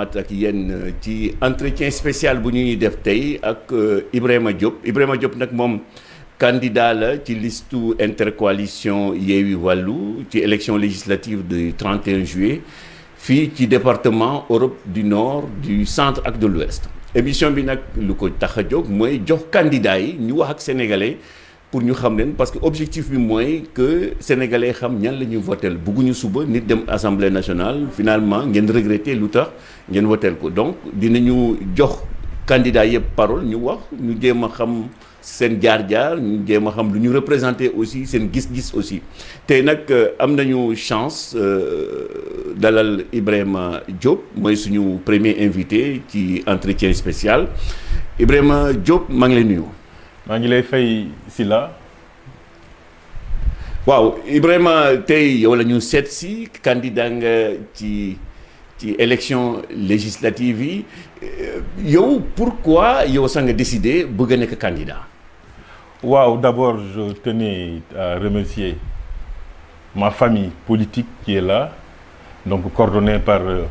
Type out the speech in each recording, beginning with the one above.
ñëwaat ak yéen euh, ci entretien spécial bu ñuy def tey ak euh, Ibrahima Diop Ibrahima Diop nag moom candidat la ci liste intercoalition Yewwi Wàllu ci élection législative du 31 juillet fii ci département Europe du Nord du centre ak de l'Ouest émission bi nag lu ko tax a jox candidat yi wax ak sénégalais pour nous xam parce que objectif est que que sénégalais xam ñan la ñuy Si nous, suba nit dem assemblée nationale finalement nous regrettons lu nous ngeen votel ko donc dinañu jox candidat yëpp parole ñu wax ñu jéem a xam nous jaar nous ñu jéem xam aussi Sen gis-gis aussi Et nous euh, am nañu chance euh, dalal Ibrahima Diop c'est notre premier invité ci entretien spécial Ibrahima Diop je ngi lay maa fay Sylla waaw Ibrahima tey yow la candidat nga l'élection élection législative euh, pourquoi yow sang décidé bëgg a candidat Waouh, d'abord je tenais à remercier ma famille politique qui est là donc coordonnée par euh,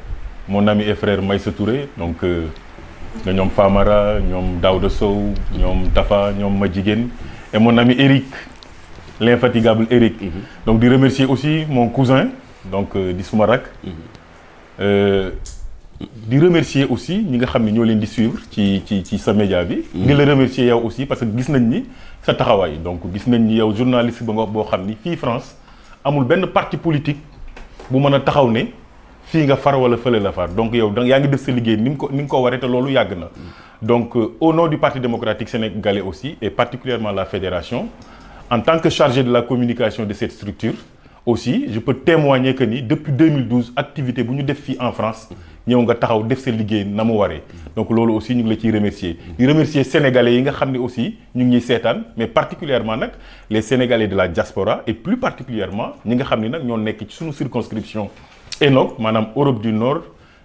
mon ami et frère Maïse Touré donc euh, nous sommes Famara ñoom Daouda Sow ñoom Tafa ñoom Majigen et mon ami Eric l'infatigable Eric mhm. donc je remercier aussi mon cousin donc euh, di remercie mhm. euh, di remercier aussi nous nga xam ne ñoo leen di suivre ci ci ci sa média bi mhm. le remercier aussi parce que gis nañ ni sa taxawaay donc gis nañ ni yow journaliste ba nga wax boo qui fi France amul parti politique bu a taxaw fi nga far wala feulé la far donc yow donc def sa liggéey ni ko ni ko waree na donc euh, au nom du parti démocratique sénégalais aussi et particulièrement la fédération en tant que chargé de la communication de cette structure aussi je peux témoigner que depuis 2012 activité bu ñu def fi en France nous nga taxaw def sa liggéey namu waré donc lolu aussi ñu ngi la ciy remercier di remercier sénégalais yi nga xam aussi ñu ngi sétane mais particulièrement les sénégalais de la diaspora et plus particulièrement ñi nga xam nak ñoo nekk ci suñu circonscription non, madame Europe du Nord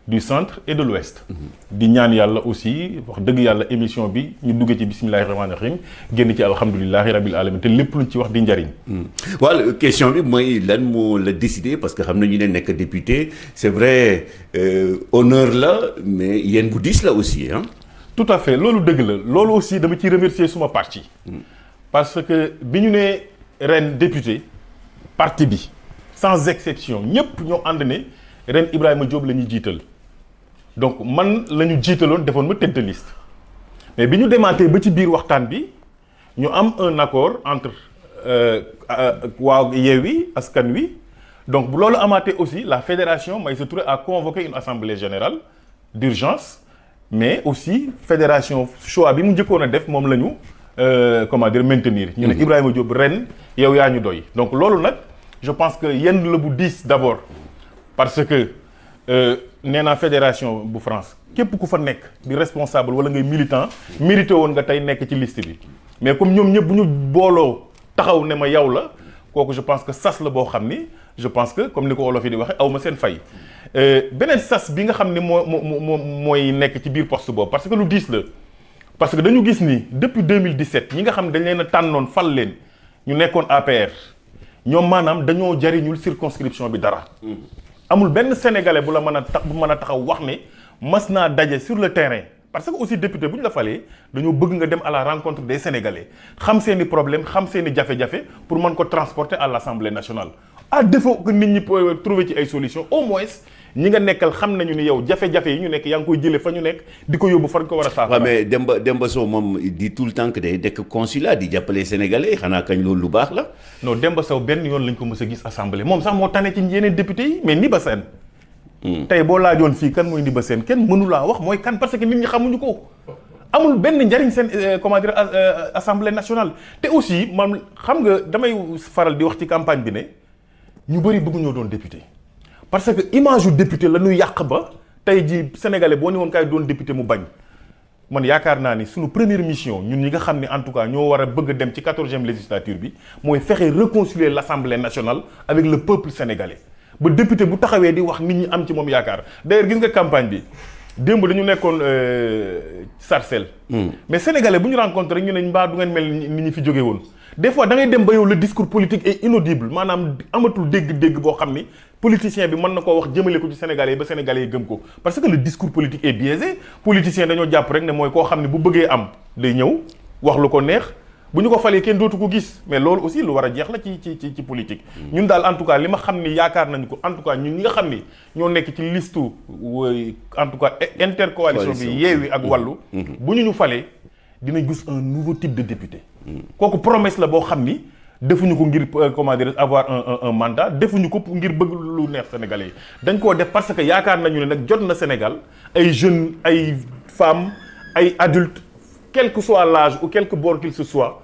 du centre et de l'ouest mhm. di aussi wax émission bi ñu ci bismillahir rahmanir rahim genn ci rabil alamin té lepp luñ ci wax di hmm. question bi moy lan décidé parce que nous sommes ñu c'est vrai euh, honneur là, mais a bu là aussi hein. tout à fait lolu la aussi remercier parti hmm. parce que nous sommes reine député parti sans exception ñëpp ñoo ànd ne ren Ibrahima Diop lañu ñuy donc man lañu ñu jiitaloon ma tête de liste mais biñu ñu ba ci biir waxtaan bi ñu am un accord entre euh, euh, waa yewi Askan Wi donc bu loolu amaatee aussi la fédération mais se trouve à convoquer une assemblée générale d'urgence mais aussi fédération choix bi mu njëkkoon def mom lañu euh comment dire maintenir. ñu ne mm-hmm. Ibrahima Diop ren yow yañu doy donc lolu nak je pense que yenn le bou d'abord parce que euh, une fédération de France qui est fa responsable wala ngay militant mérité liste mais comme nous avons bu ñu je pense que ça c'est le que je pense que comme ni dit, di que aw ma sas parce que lu nous parce que nous disons depuis 2017 nous nga que dañ avons a fal leen APR ñom manam dañoo jariñul circonscription bi dara. amul Ben sénégalais bu la mën a tax bu mën taxaw wax né mas dajé sur le terrain parce que aussi député buñ la falee dañoo bëgg nga dem à la rencontre des sénégalais xam seeni problème xam jafé jafé pour mën ko transporter à l'Assemblée nationale. à défaut que nit ñi trouver ci ay solution au moins ñi nga nekkal xam nañu ni yow jafe-jafe yi ñu nekk yaa ngi koy jëlee fa ñu nekk di ko yóbbu fa ñu ko war a saafara. waaw mais Demba Demba Sow moom di tout le temps que day di jàppalee sénégalais xanaa kañ loolu lu baax la. non Demba Sow benn yoon lañ ko mës a gis assemblée moom sax moo ne ci yeneen député yi mais ni ba seen. Hmm. tey boo laajoon fii kan mooy ni ba seen kenn mënu laa wax mooy kan parce que nit ñi xamuñu ko. amul benn njariñ seen euh, comment dire euh, euh, assemblée te aussi man xam nga damay faral di wax ci campagne bi ne ñu bëri bëgguñoo doon député. parce que image du député la ñu yak ba tay ji sénégalais bo ni woon kay doon député mu bañ man yaakaar naa ni suñu première mission ñun ñi nga xamni en tout cas ñoo wara bëgg dem ci 14e législature bi moy fexé réconcilier l'Assemblée nationale avec le peuple sénégalais ba député bu taxawé di wax nit ñi am ci mom yakar d'ailleurs gis nga campagne bi démb dañu nekkoon euh, Sarcelles hmm. mais sénégalais bu ñu rencontré ñu ne mbaa du ngeen mel ni ñi fi jóge woon des fois da ngay dem ba yow le discours politique est inaudible maanaam amatul dégg-dégg boo xam ni politicien bi mën na koo wax jëmale ko ci sénégalais yi ba sénégalais yi gëm ko parce que le discours politique est biaisé politicien dañoo jàpp rek ne mooy koo xam ne bu bëggee am day ñëw wax lu ko neex bu ñu ko falee kenn dootu ko gis mais loolu aussi lu war a jeex la ci ci ci politique. ñun daal en tout cas li ma xam ni yaakaar nañu ko en tout cas ñun ñi nga xam ni ñoo nekk ci liste en tout cas intercoalition bi yeewi ak wàllu. Mm-hmm. bu ñu ñu falee dinañ gis un nouveau type de député. Mm-hmm. kooku promesse la boo xam ni defuñu ko ngir euh, comment dire avoir un un un mandat defuñu ko ngir bëgg lu neex sénégalais yi dañ koo def parce que yaakaar nañu ne nag jot na Sénégal ay jeunes ay femmes ay adultes quel que soit l'âge ou quelque bord qu'il se soit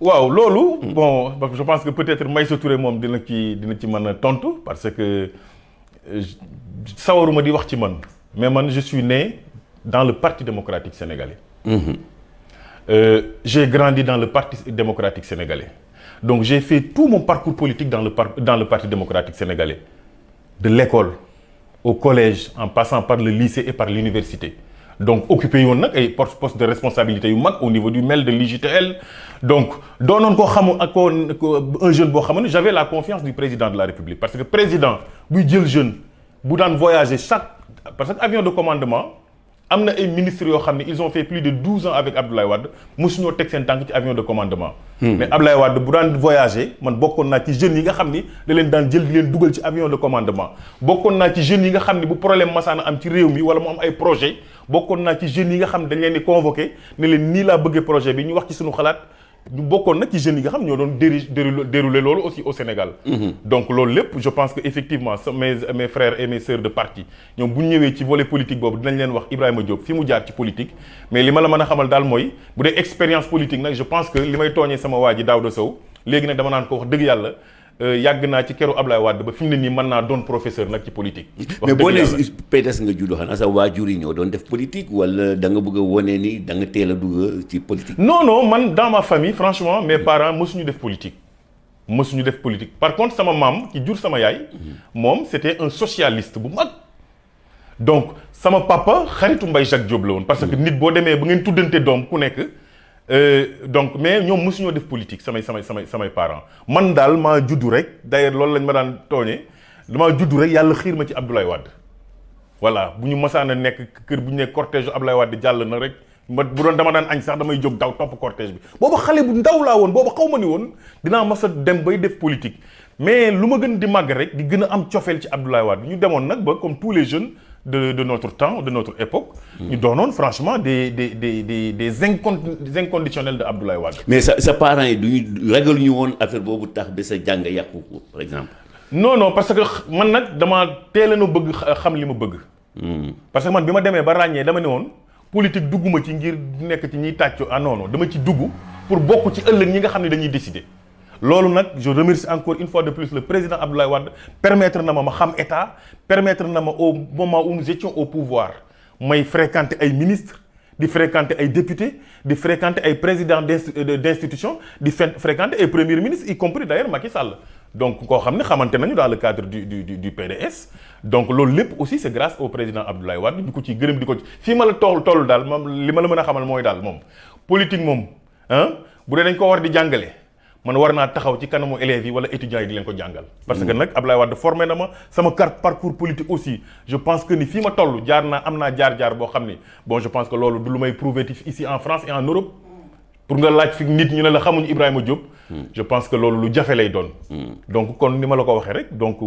Wow, Lolo. Hmm. je pense que peut-être que Touré mom dina ci dina ci parce que euh, sawaruma di wax ci mais je suis né dans le parti démocratique sénégalais. Hmm. Euh, j'ai grandi dans le parti démocratique sénégalais donc j'ai fait tout mon parcours politique dans dans le parti démocratique sénégalais de l'école au collège en passant par le lycée et par l'université donc occupé yon nak, ay poste poste de responsabilité yu mak, au niveau du MEL de l'IGTl donc doonoon ko un jeune bo xam j'avais la confiance du président de la République parce que président dit jël jeune boudan voyager chaque parce que avion de commandement amna et ay ministres yoo ils ont fait plus de douze ans avec Abdoulaye wad mosuñoo texte seen tànk ci avion de commandement. Hmm. mais Abdoulaye wad boudan voyager man bokon na ci jeune yi nga xam ni da jël di avion de commandement Bokon na ci jeune yi nga xam bou problème masaana am ci réew mi wala mu am ay projet bokon na ci jeune yi nga xam dañ leen di convoqué ne leen nii laa bëggee projet bi ñu wax ci suñu xalaat ñu bokkoon na ci jeune yi nga xam ñoo doon déroulé loolu aussi au Sénégal. Mm-hmm. donc loolu lépp je pense que effectivement mes mes frères et mes sœurs de parti ñoom bu ñu ñëwee ci volet politique boobu dinañ leen wax Ibrahima Diop fi mu jaar ci politique. mais li ma la mën a xamal daal mooy bu dee expérience politique nag je pense que li may tooñee sama waa ji Sow léegi nag dama naan ko wax dëgg yàlla. Euh, yagna ci kéro Ablaye wad ba fi ni man na mën professeur nak ci politique. mais boo nee PDS nga juddoo xanaa sax wajuri ñoo don def politique wala da nga bëgg woné ni da nga teel a dugg ci politique. non non man dans ma famille franchement mes parents mësuñu def politique. mësuñu def politique par contre sama maam ki jur sama yaay. mom mhm. c'était un socialiste bu mag. donc sama papa xaritu mbay Jacques Diop la woon. parce que mhm. nit bo démé ba ngeen tudanté dom ku nekk. Euh, donc mais ñom mësuñu def politique samay samay samay samay parents man dal ma juddu rek d'ailleurs loolu lañ ma daan togné dama juddu rek yalla xiir ma ci Abdoulaye wad voilà buñu ñu nek a nekk kër bu ñu cortège Abdoulaye wad jall na rek ma bu doon dama daan añ sax damay jog daw top cortège bi booba xalé bu ndaw la won booba xawma ni won dina mas dem bay def politique mais luma gën di mag rek di gën am cofeel ci Abdoulaye wad ñu demoon nak ba comme tous les jeunes de, de, notre temps, de notre époque, mm. nous donnons franchement des, des, des, des, des inconditionnels de Abdoulaye Wade. Mais ses parents, ils règlent affaire bobu tax ba sa jang yakouko par exemple. Non non parce que man nak dama télé no bëgg xam limu bëgg. Hmm. Parce que man bima démé ba ragné dama né won politique dugguma ci ngir nekk ci ñiy tàccu ah non non dama ci dugg pour beaucoup ci ëllëg ñi nga xam dañuy décider lolu je remercie encore une fois de plus le président Abdoulaye Wade permettre na ma ma xam état permettre na ma au moment où nous étions au pouvoir may fréquenter ay ministres di fréquenter ay députés di fréquenter ay présidents d'institutions, de di fréquenter ay premiers ministres y compris d'ailleurs Macky Sall donc ko xamni xamanté nañu dans le cadre du du du PDS donc lolu lepp aussi c'est grâce au président Abdoulaye Wade di ko ci gërem di ko ci fii ma la toll toll daal li mala la xamal moy dal mom politique si hein? bu dee dañ ko war di man warna taxaw ci kanamu élèves yi wala étudiants yi di len ko jangal parce que nak Ablaye wad formé na ma sama carte parcours politique aussi je pense que ni fi ma tollu jaar na amna naa jaar-jaar ni bon je pense que lolu du lumay prouver ici en France et en Europe. pour nga laaj fi nit ñu ne la xamuñu Ibrahima Diop. Hmm. je pense que lolu lu jafé lay donne. Hmm. donc kon ni ma la ko waxee rek donc.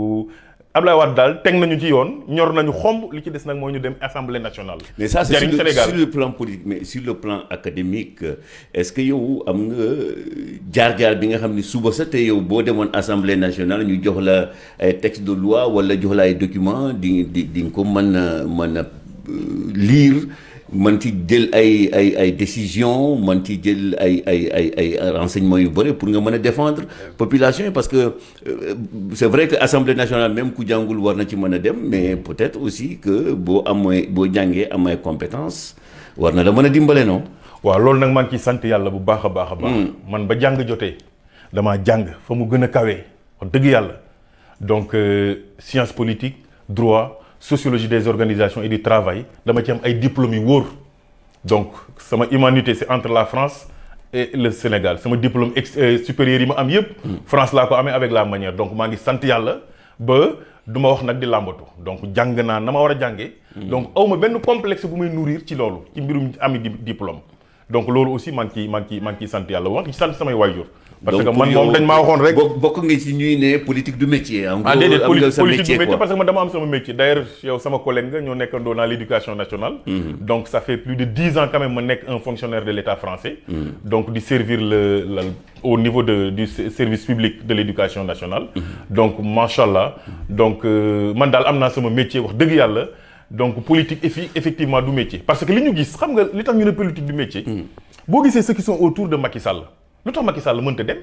Ablaye Wade Dal tek nañu ci yoon ñor nañu xomb li ci dess nak mooy ñu dem assemblée nationale. mais ça c'est sur le, sur le plan politique mais sur le plan académique est-ce que yow am nga euh, jaar-jaar bi nga xamni suba sa te yow bo demoon assemblée nationale ñu jox la ay texte de loi wala jox la ay documents di di di ko man man euh, lire man ci jël ay ay ay décision man ci jël ay ay ay ay renseignements yu bëri pour nga mën défendre population parce que euh, c'est vrai que assemblée nationale même ku jàngul war na ci mën dem mais peut-être aussi que boo amoy boo jàngee amay compétence war na la mën a dimbale non waaw loolu nag maa ngi ciy sant yàlla bu baax a baax hmm. man ba jàng jotee dama jàng fa mu gën a kawee dëgg yàlla donc euh, science politique droit sociologie des organisations et du travail dama suis donc humanité c'est entre la France et le Sénégal sama diplôme euh, supérieur yi hmm. France l'a ko avec la manière donc santé je ba Donc, je suis di donc je na a donc complexe pour nourrir ci qui ci diplôme donc loolu aussi je suis je suis parce que man moom oh, dañ maa waxoon rek. bokk nga ci ñuy politique du métier. Ah. en ah, gros politique du métier parce que man dama am sama métier D'ailleurs, ailleurs yow sama collègue nga ñoo nekkandoo dans l'éducation nationale. Mhm. donc ça fait plus de dix ans quand même ma nekk un fonctionnaire de l'État français. Mhm. donc de servir le au niveau de du service public de l'éducation nationale. Mhm. donc macha donc euh, man daal am sama métier wax donc politique effectivement du métier parce que li ñu nous xam nga li tax ñu politique du métier. boo gisee ceux qui sont autour de Macky Sall. lu tax Macky Sall mënta dem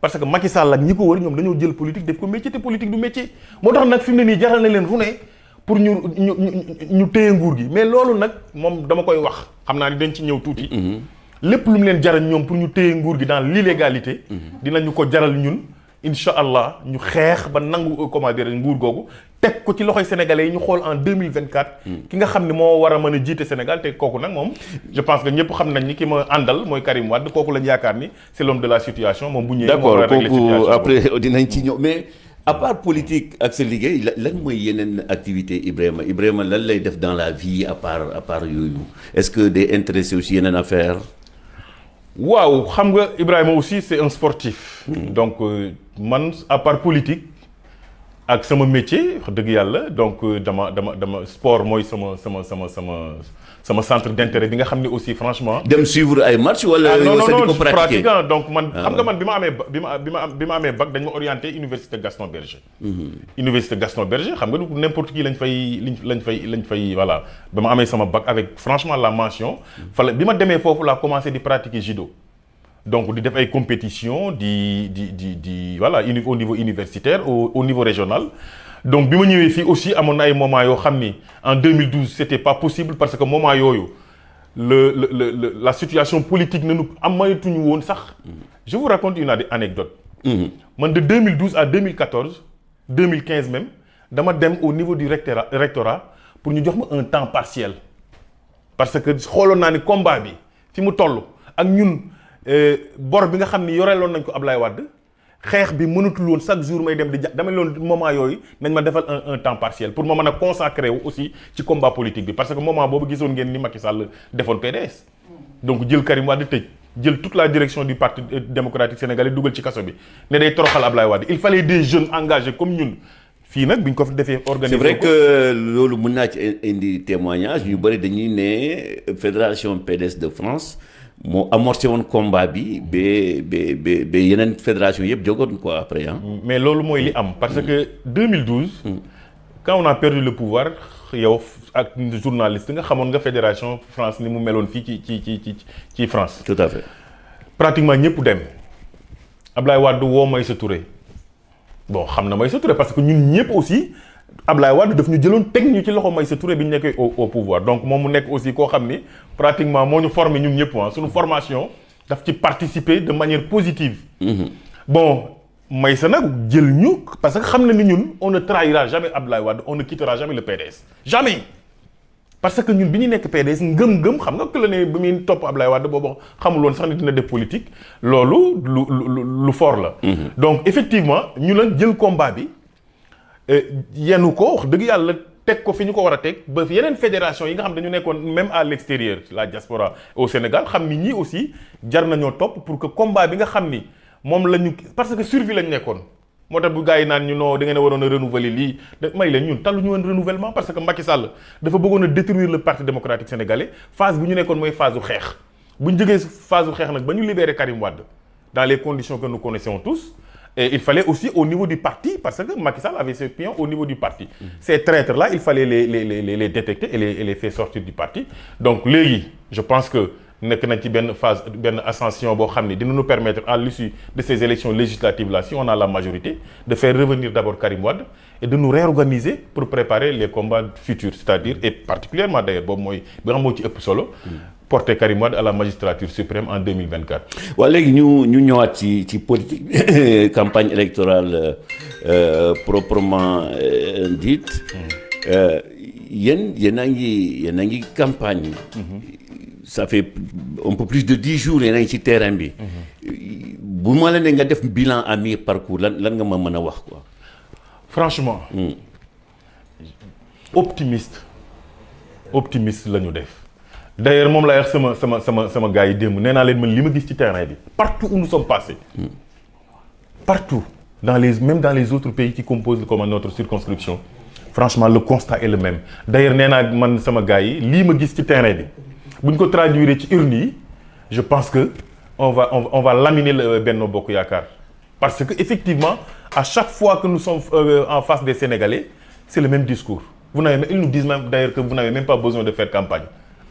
parce que Macky Sall ñi ko wër ñoom dañoo jël politique def ko métier te politique du métier moo tax nag fi mu ne nii jaral na leen fu ne pour ñu ñu ñu téye nguur gi mais loolu nag moom dama koy wax xam naa ni dañ ci ñëw tuuti. Mm-hmm. lépp lu mu leen jaral ñoom pour ñu téye nguur gi dans l'illégalité. Mm-hmm. dinañu ko jaral ñun. inshallah ñu xex ba nangu comment dire nguur gogou tek ko ci loxoy sénégalais ñu xol en 2024. Hmm. ki nga xamni mo wara mëna jité Sénégal tek koku nak mom je pense que ñepp xam nañ ni ki ma andal moy Karim Wade koku lañ yakar ni c'est l'homme de la situation mom bu ñëwee. d'accord koku après dinañ ci ñëw mais à part politique ak sa liggéey lan moy yenen activité Ibrahima Ibrahima lan lay def dans la vie à part à part yooyu est-ce que des intéressé aussi yenen affaire Waouh, xam Ibrahim aussi c'est un sportif. Hmm. donc euh, man à part politique avec mon métier donc euh, dama dama sport sama centre d'intérêt bi nga xam aussi franchement. dem suivre ay match wala. Ah, non non non pratique donc man. Ah. xam nga man bima amé bima bima amé bac dañ ma orienté université Gaston Berger. Mhm. université Gaston Berger xam nga n'importe qui lañ fay lañ fay lañ fay voilà bima amé sama bac avec franchement la mention. fala bi ma demee foofu commencé di pratiquer judo. donc di def ay compétition di di di di voilà au niveau universitaire au niveau régional donc aussi à en 2012 ce n'était pas possible parce que le la situation politique ne nous je vous raconte une anecdote mhm. de 2012 à 2014 2015 même suis dem au niveau du rectorat pour nous un temps partiel parce que je suis combat bi fi mu ak euh, xeex bi mënatul woon chaque jour may dem di ja dama loon moment yooyu nañ ma defal un un temps partiel pour ma mën a consacrer wu aussi ci combat politique bi parce que moment boobu gisoon ngeen ni Macky Sall defoon PDS. donc jël Karim Wade tëj jël toute la direction du parti euh, démocratique sénégalais dugal ci kaso bi ne day toroxal Ablaye Wade il fallait des jeunes engagés comme ñun. fii nag bi ñu ko defee organisé. c'est vrai que euh, loolu mën naa ci indi témoignage ñu bëri dañuy ne fédération PDS de France mo amorcé won combat bi be be be, ba yeneen fédération yëpp quoi après hein. Mm. mais lolou moy li am parce mm. que 2012. Mm. quand on a perdu le pouvoir yow ak journaliste nga xamone nga fédération France ni mu melone fi ci ci ci ci France. tout à fait. pratiquement ñepp dem Ablaye Wade may se Touré bon xamna may se Touré parce que ñun ñepp aussi. Ablaye Wade daf ñu jëloon teg ñu ci loxo Maïssa Touré bi ñu au pouvoir donc moom mu nekk aussi ko xamni pratiquement moo ñu formé ñun ñëpp ah suñu formation daf ci participer de manière positive. Mm-hmm. bon Maïssa nak jël ñu parce que xamna ni ñun on ne trahira jamais Ablaye Wade on ne quittera jamais le PDS jamais. parce que ñun biñu nek nekk PDS ngëm-ngëm xam nga que le ne bi muy top Ablaye Wade boobu xamul won sax ni dina def politique lolu lu lu lu fort la. Mm-hmm. donc effectivement ñu la jël combat bi. Euh, yenu ko dëgg yàlla teg ko fi ñu ko war a teg ba yeneen fédération yi nga xam dañu nekkoon même à l'extérieur la diaspora au Sénégal xam ni ñii aussi jar nañoo topp pour que combat bi nga xam ni moom parce que survie lañ nekkoon moo tax bu gars yi naan ñu non da ngeen a waroon a renouveler lii may leen ñun ñu woon renouvellement parce que Macky Sall dafa bëggoon a détruire le parti démocratique sénégalais phase bi ñu nekkoon mooy phase u xeex bu ñu jógee phase u xeex nag ba ñu libérer Karim Wade dans les conditions que nous connaissons tous et il fallait aussi au niveau du parti, parce que Macky Sall avait ses pions au niveau du parti. Ces traîtres-là, il fallait les, les, les, les détecter et les, faire sortir du parti. Donc, lui, je pense que nous na ci ascension de nous permettre à l'issue de ces élections législatives là si on a la majorité de faire revenir d'abord Karim Wade et de nous réorganiser pour préparer les combats futurs c'est-à-dire et particulièrement d'ailleurs moi, bi porter Karim Wade à la magistrature suprême en 2024. Nous léegi ñu ñu ñëwaat campagne électorale euh, proprement euh, dite. Il euh, y a une campagne. Mm-hmm. ça fait un peu plus de 10 jours y a ngi terrain Si mm-hmm. bu avez la un bilan à mi-parcours lan ce nga ma wax quoi. franchement. Mm. optimiste optimiste la def. D'ailleurs, ailleurs moom laa wax sama sama sama sama gars il m'a nee naa leen man li gis ci terrain partout où nous sommes passés partout dans les même dans les autres pays qui composent comme notre circonscription franchement le constat est le même D'ailleurs, ailleurs nee man sama gars yi ma gis ci terrain bi bu ñu ko traduire ci urne je pense que on va on, va laminer le euh, Benno Bokk Yakar. parce que effectivement à chaque fois que nous sommes euh, en face des Sénégalais c'est le même discours vous n'avez ils nous disent même que vous n'avez même pas besoin de faire campagne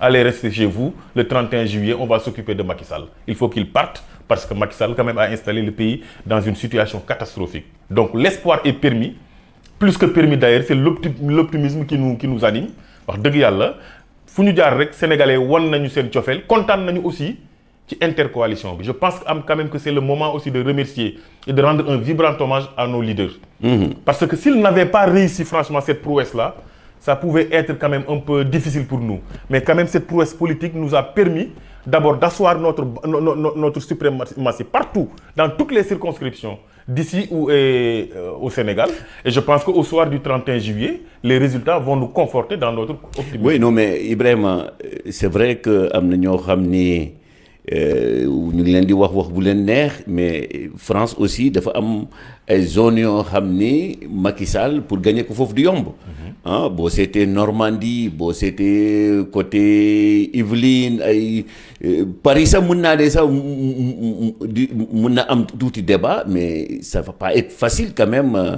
allez rester chez vous. Le 31 juillet, on va s'occuper de Macky Sall. Il faut qu'il parte parce que Macky Sall, quand même, a installé le pays dans une situation catastrophique. Donc, l'espoir est permis. Plus que permis d'ailleurs, c'est l'optimisme qui nous, qui nous anime. wax deug Yalla, sénégalais nañu aussi ci intercoalition je pense quand même que c'est le moment aussi de remercier et de rendre un vibrant hommage à nos leaders. Mm-hmm. parce que s'ils n'avaient pas réussi franchement cette prouesse là ça pouvait être quand même un peu difficile pour nous. Mais quand même, cette prouesse politique nous a permis d'abord d'asseoir notre, notre, notre suprématie partout, dans toutes les circonscriptions, d'ici ou euh, au Sénégal. Et je pense qu'au soir du 31 juillet, les résultats vont nous conforter dans notre optimisme. Oui, non, mais Ibrahim, euh, c'est vrai que Amnignon euh, ñu ngi leen di wax wax bu leen neex mais France aussi dafa am ay zone yoo xam ni Macky pour gagner ko foofu du yomb. Mhm. ah boo seetee Normandie boo seetee côté Yvelines ay euh, Paris sax mun naa de sax di mun na am tuuti débat mais ça va pas être facile quand même euh,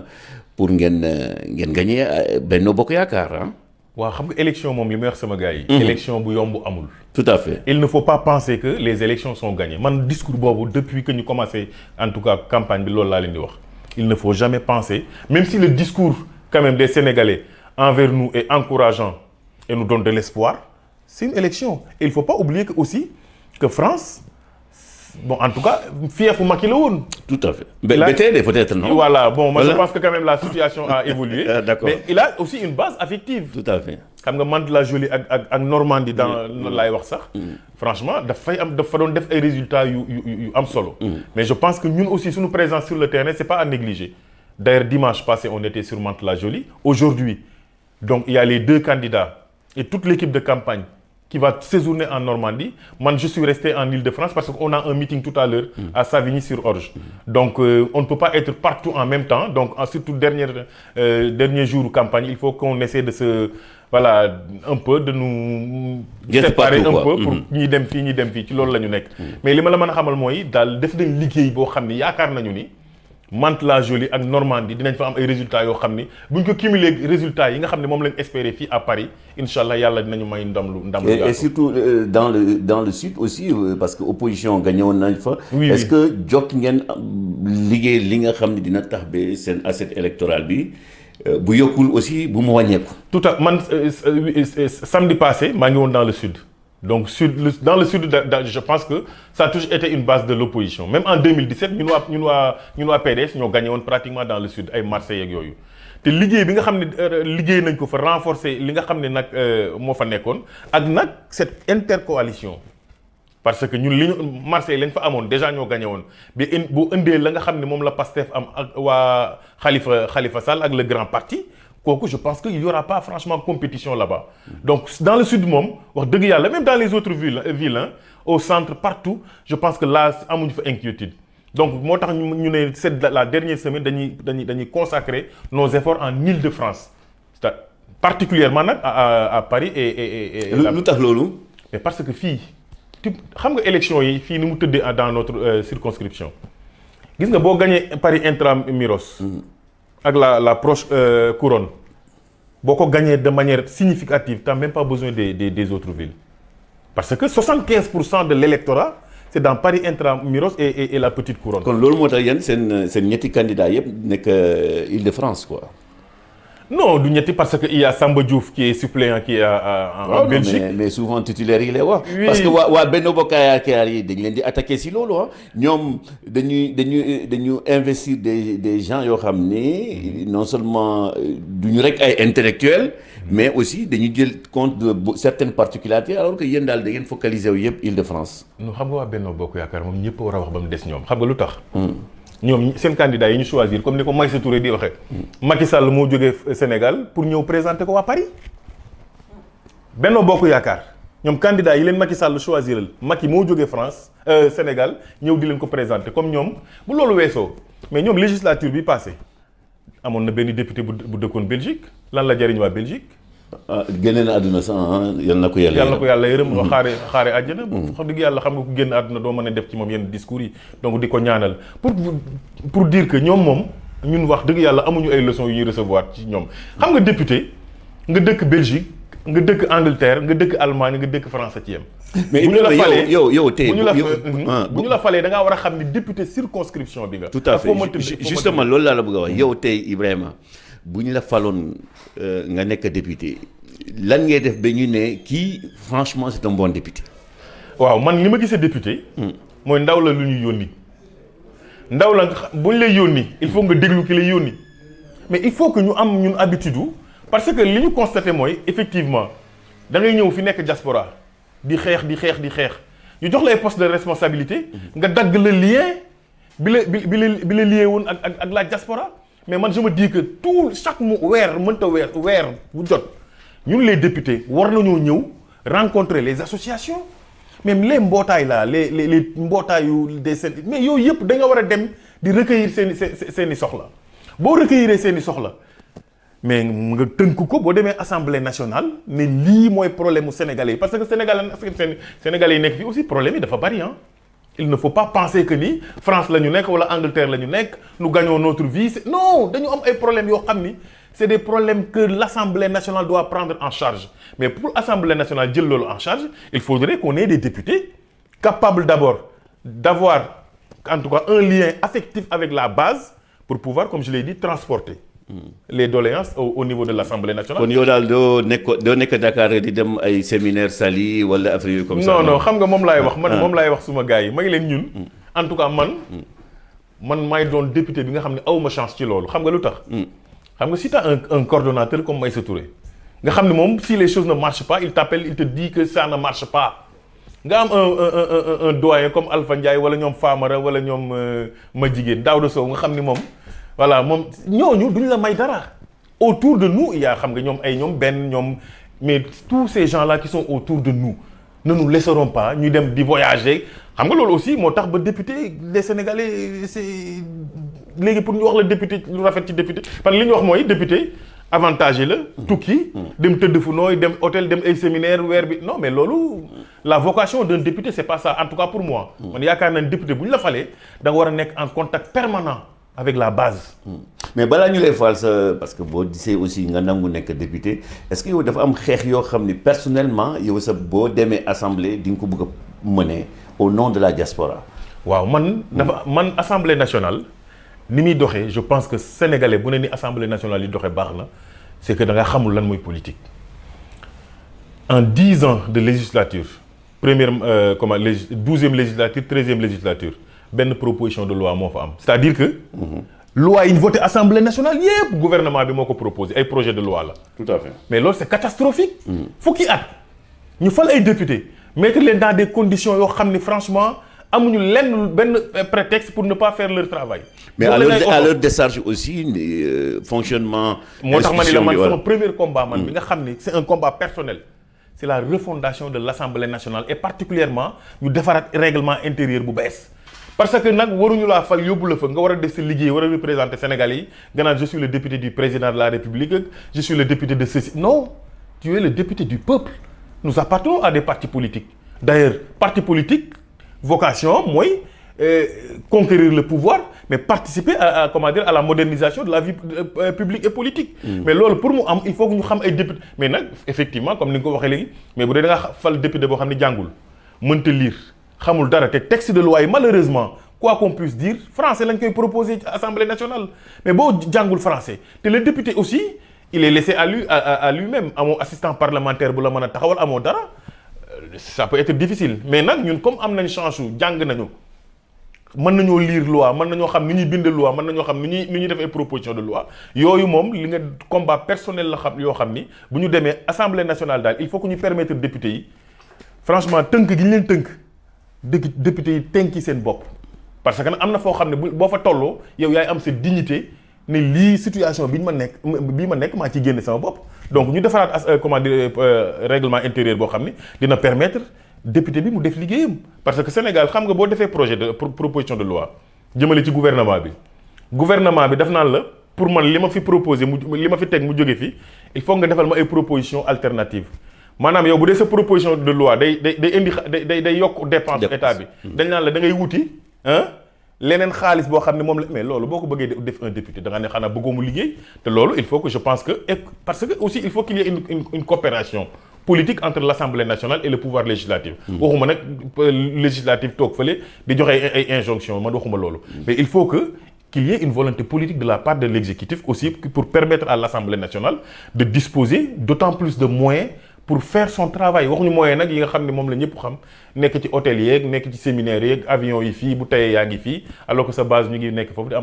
pour ngeen ngeen gagner Benno Bokk Yaakaar ah élection élection amul. tout à fait il ne faut pas penser que les élections sont gagnées man discours depuis que ñu commencé en tout cas campagne bi loolu il ne faut jamais penser même si le discours quand même des Sénégalais envers nous est encourageant et nous donne de l'espoir c'est une élection et il faut pas oublier que aussi que France bon, en tout cas, fier pour Maki Tout à fait. Bétélé, peut-être, non Voilà, bon, moi je pense que quand même la situation a évolué. Ah, d'accord. Mais il a aussi une base affective. Tout à fait. Quand on la jolie avec Normandie dans mm. l'Aïwarsak, mm. franchement, il faut des résultats en solo. Mm. Mais je pense que nous aussi, si nous présents sur le terrain, ce n'est pas à négliger. D'ailleurs, dimanche passé, on était sur Mante la jolie Aujourd'hui, donc il y a les deux candidats et toute l'équipe de campagne qui va séjourner en Normandie. Moi, je suis resté en Ile-de-France parce qu'on a un meeting tout à l'heure mm. à Savigny-sur-Orge. Mm. Donc, euh, on ne peut pas être partout en même temps. Donc, surtout dernier, euh, dernier jour de campagne, il faut qu'on essaie de se voilà un peu de nous séparer un peu pour ni mm-hmm. dem ni ñi la mm. mais les malades la mën a xamal mooy daal def nañ liggéey Mantes-la-Jolie ak Normandie dinañ fa am ay résultats yo xamni buñ ko cumulé résultats yi nga xamni mom lañ espérer fi à Paris Inshallah, yalla yàlla dinañu may ndam lu ndam et surtout euh, dans le dans le sud aussi euh, parce que opposition gagné woon nañ fa. est-ce que jot ngène ligué li nga xamni dina tax ba seen assiette bi euh, bu yokul aussi bu wagné ko tout à man samedi passé maa ngi dans le sud. Donc, dans le sud, je pense que ça a toujours été une base de l'opposition. Même en 2017, nous, avons nous, nous, PDS, gagné pratiquement dans le sud, avec Marseille et Goyou. Et liggéey bi nga xam euh, renforcer li nga euh, cette intercoalition parce que ñun Marseille nous avons déjà gagné mais si nous avons la nga avons gagné Khalifa Sall le grand parti je pense qu'il n'y aura pas franchement compétition là-bas donc dans le sud même, même dans les autres villes euh, villes hein, au centre partout je pense que là a une inquiétude donc nous, la dernière semaine nous avons nos efforts en ile de france particulièrement à Paris et et et. mais parce que fille, tu xam que élection est dans notre euh, circonscription gis nga gagné Paris intramuros. Mm avec la, proche euh, couronne, beaucoup gagné de manière significative, tu même pas besoin des, autres villes. Parce que 75% de l'électorat, c'est dans Paris Intramuros et, et, la petite couronne. Quand sen c'est un candidat, n'est euh, île de France. quoi. Non, l'unité parce qu'il y a Samba Diouf qui est suppléant qui est en, Belgique. Mais, souvent titulaire il est Oui. Parce que wa Benno Bokaya qui a dañ leen attaquer si loolu ah ñoom dañuy dañu investir des des gens yoo ont ramené non seulement euh, duñu rek ay intellectuels mais aussi dañuy jël compte de certaines particularités alors que yéen daal da ngeen focaliser wu yëpp Île-de-France. ñu xam nga waa Benno nous Yaakaar moom ñëpp war a wax ba mu des xam nga lu tax. Hmm ñoom seen candidat yi ñu choisir comme ni ko Maïssa Touré di waxee. Macky Sall moo jógee Sénégal pour nous présenter ko waa Paris. Benno Bokk Yakar, ñoom candidat yi leen Macky Sall choisiral Macky moo jógee France euh, Sénégal nous di leen ko présenter comme nous, bu l'avez weesoo mais nous, législature bi passé amoon na benn député bu dëkkoon Belgique lan la jariñ waa Belgique. Ah, génne aduna sa ah, yalla ko yalla yalla ko yalla yërëm xari xari aduna xam dëgg yalla xam nga ku génn aduna do mën def ci mom yenn discours yi donc diko ñaanal pour pour dire que ñom mom ñun wax dëgg yalla amuñu ay leçon yu ñuy recevoir ci ñom xam nga député nga dëkk Belgique nga dëkk Angleterre nga dëkk Allemagne nga dëkk France ci yam mais bu ñu la falee yow yow tey ah, bu la falé da nga wara xam ni député circonscription bi nga tout à fait justement lool laa la bëgg wax yo té Ibrahima buñ la falone euh, nga nek député lan ngay def ba ñu ne franchement c'est un bon député. waaw man li ma gisee député. moy hmm. ndaw la lu ñu yónni. ndaw la bu lay yoni. il faut nga déglu ki lay yoni mais il faut que ñu am ñun habitude parce que liñu constaté moy effectivement da ngay ñëw fi nek diaspora di xex di xex di xex ñu jox lay poste de responsabilité. Hmm. nga dag le lien bi le bi le lié woon ak ak la diaspora mais moi je me dis que tout chaque mois weer nous weer jot ñun les députés war nous ñëw rencontrer les associations même les mbootaay la les les les ou des mais yooyu yëpp da nga war dem di recueillir seen i seen soxla recueillir ces i soxla mais nga tënk ko boo demee assemblée nationale ne li mooy problème au sénégalais parce que sénégalais sénégalais yi nekk aussi problème il dafa bari hein il ne faut pas penser que ni France la ñu ou Angleterre la nous gagnons notre vie non nous avons des problèmes C'est des problèmes que l'Assemblée nationale doit prendre en charge mais pour l'Assemblée nationale en charge il faudrait qu'on ait des députés capables d'abord d'avoir en tout cas un lien affectif avec la base pour pouvoir comme je l'ai dit transporter Mm. les doléances au, au niveau de l'Assemblée nationale. kon yow daal Dakar di dem ay séminaire sali wala Afrique comme ça. non non xam nga mom lay wax man ah. moom laay wax suma gars ñun. Mm. en tout cas man. Mm. man may don député bi nga xamni awuma chance ci lolu. xam nga lutax? xam nga si t'as un un coordonnateur comme Maïssa Touré nga xamni mom si les choses ne marchent pas il t'appelle il te dit que ça ne marche pas. nga am un un un un doyen comme Alpha Ndiaye wala ñom Famara wala ñom ma jigéen Daouda Sow nga xamni mom voilà nous ñooñu duñ la may dara autour de nous il y a xam nga ñom ay ñom ben ñom mais tous ces gens là qui sont autour de nous ne nous laisseront pas nous dem di voyager xam nga aussi motax ba député les sénégalais c'est légui pour ñu wax la député lu rafet ci député parce li ñu wax député avantage tout qui dem teud fu noy dem hôtel dem ay séminaire non mais ça, la vocation d'un député c'est pas ça en tout cas pour moi man y a qu'un député il la falé da nga wara en contact permanent avec la base. Hmm. mais voilà ñu les fal parce que vous dites aussi que vous êtes député est-ce que vous dafa un xeex que vous personnellement yow sa une assemblée di nga mener au nom de la diaspora. waaw man dafa assemblée nationale ni muy je pense que sénégalais vous avez ni assemblée nationale yi doxee baax c'est que da nga xamul politique en 10 ans de législature première euh, comment 12e législature 13e législature une proposition de loi c'est-à-dire que. loi une votée assemblée nationale yépp gouvernement a un proposé un projet de loi là tout à fait mais faut c'est catastrophique. faut at il faut les députés. mettre les dans des conditions franchement amuñu prétexte pour ne pas faire leur travail. mais à leur décharge aussi euh, fonctionnement. C'est mon premier combat mm. c'est un combat personnel. c'est la refondation de l'Assemblée nationale et particulièrement ñu le règlement intérieur bu parce que nak waruñu la fal fa nga wara dess je suis le député du président de la République je suis le député de ceci non tu es le député du peuple nous appartenons à des partis politiques d'ailleurs parti politique vocation moi, euh, conquérir le pouvoir mais participer à comment dire à la modernisation de la vie euh, publique et politique mm. mais pour nous, il faut que nous soyons ay député mais effectivement comme ni dit, waxé légui mais bu le nga député bo xamni jangul mënta lire xamul dara te texte de loi malheureusement quoi qu'on puisse dire français lañ koy proposer à l'Assemblée nationale mais bo jàngul français te le député aussi il est laissé à lui à, à lui-même mon assistant parlementaire bu la taxawal dara euh, ça peut être difficile mais nous ñun comme am nañ chance su jàng nañu mën nous lire loi mën nous xam ni ñuy bind loi mën nañu xam ni ñuy ni ñuy def proposition de loi yooyu mom li nga combat personnel la xam yo xam ni bu ñu assemblée nationale il faut que ñu permettre député yi franchement tout gi leen teunk député yi tenki sen bop parce que amna fo na bo fa tolloo yow yaay am sa dignité mais li situation bi ma nek bi ma nek ma ci génne sama bop donc ñu defaraat euh, comment dire euh, euh, règlement intérieur bo xam dina permettre député bi mu def parce que Sénégal xam nga bo défé projet de proposition de loi jëmale ci gouvernement bi gouvernement bi def naan la pour man li ma fi proposer les li ma fi teg mu jóge fi il faut nga défal ma ay proposition alternative manam yow bu dee sa proposition de loi day day day indi day day yokk dépense état bi hmm. dañ naan la da ngay wouti hein, lénen xaliss bo xamné mom la mais loolu boko bëggé def un député da nga né xana bëggomu liggéey té loolu il faut que je pense que parce que aussi il faut qu'il y ait une une, coopération politique entre l'Assemblée nationale et le pouvoir législatif hmm. waxuma nak euh, législatif tok fële di joxe ay injonction man waxuma loolu hmm. mais il faut que qu'il y ait une volonté politique de la part de l'exécutif aussi pour permettre à l'Assemblée nationale de disposer d'autant plus de moyens pour faire son travail. Nous avons des moyens qui sont les plus des hôteliers, des séminaires, des avions, des bouteilles, des alors que sa base est là, il y a des problèmes.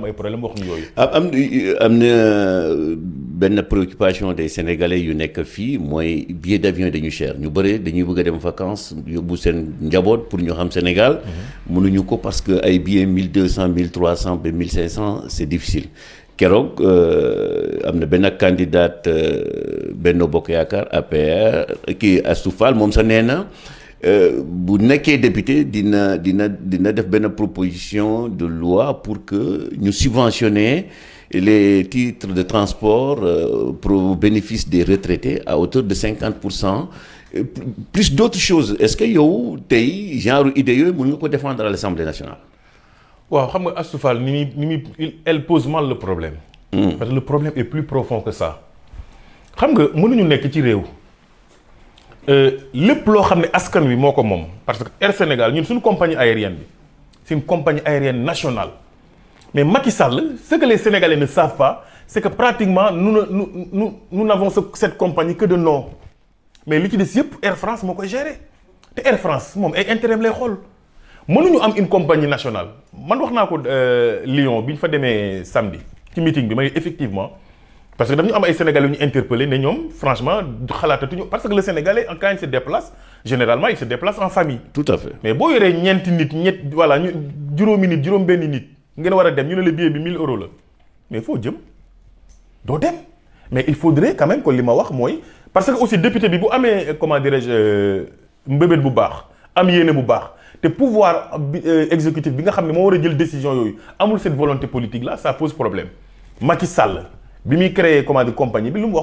Il y a une préoccupation des Sénégalais qui sont ici, c'est les billets d'avion sont chers. Nous avons des en vacances, nous avons des billets pour nous ramener au Sénégal. Mhm. Nous avons parce que les billets 1200, 1300, 1500, c'est difficile keroog euh, am na candidate candidat euh, Benno Bokk APR qui a sa euh, député dina dina dina proposition de loi pour que nous subventionner les titres de transport pour bénéfice des retraités à hauteur de 50%. plus d'autres choses est-ce que yow a genre idée idées mën défendre à l'Assemblée nationale waaw xam nga elle pose mal le problème. Hmm. parce que le problème est plus profond que ça. xam nga que nekk ci réew. Euh, lépp loo je ne askan parce que Air Sénégal c'est une compagnie aérienne c'est une compagnie aérienne nationale mais ce que les Sénégalais ne savent pas c'est que pratiquement nous nous nous nous n'avons cette compagnie que de nom mais l'utiliser pour Air France moo gérer Air France c'est ay intérêt mënuñu am une compagnie nationale man wax naa ko euh, Lyon biñ fa demee samedi ci meeting bi mais effectivement parce que dañu am ay sénégalais ñu interpellé ne ñoom franchement xalaatatuñu parce que le sénégalais quand il se déplace généralement il se déplace en famille. tout à fait mais boo yoree ñeenti nit ñet voilà ñu juróomi nit juróom benn nit ngeen war a dem ñu ne le billet bi 1000 euros la mais faut jëm doo dem mais il faudrait quand même que li ma wax mooy parce que aussi député bi bu amee comment dirais-je euh, mbébét bu baax am yéene bu baax le pouvoir euh, exécutif bi nga xam ne moo a jël décision amul cette volonté politique là ça pose problème Macky Sall bi a créé comment dire compagnie bi lu mu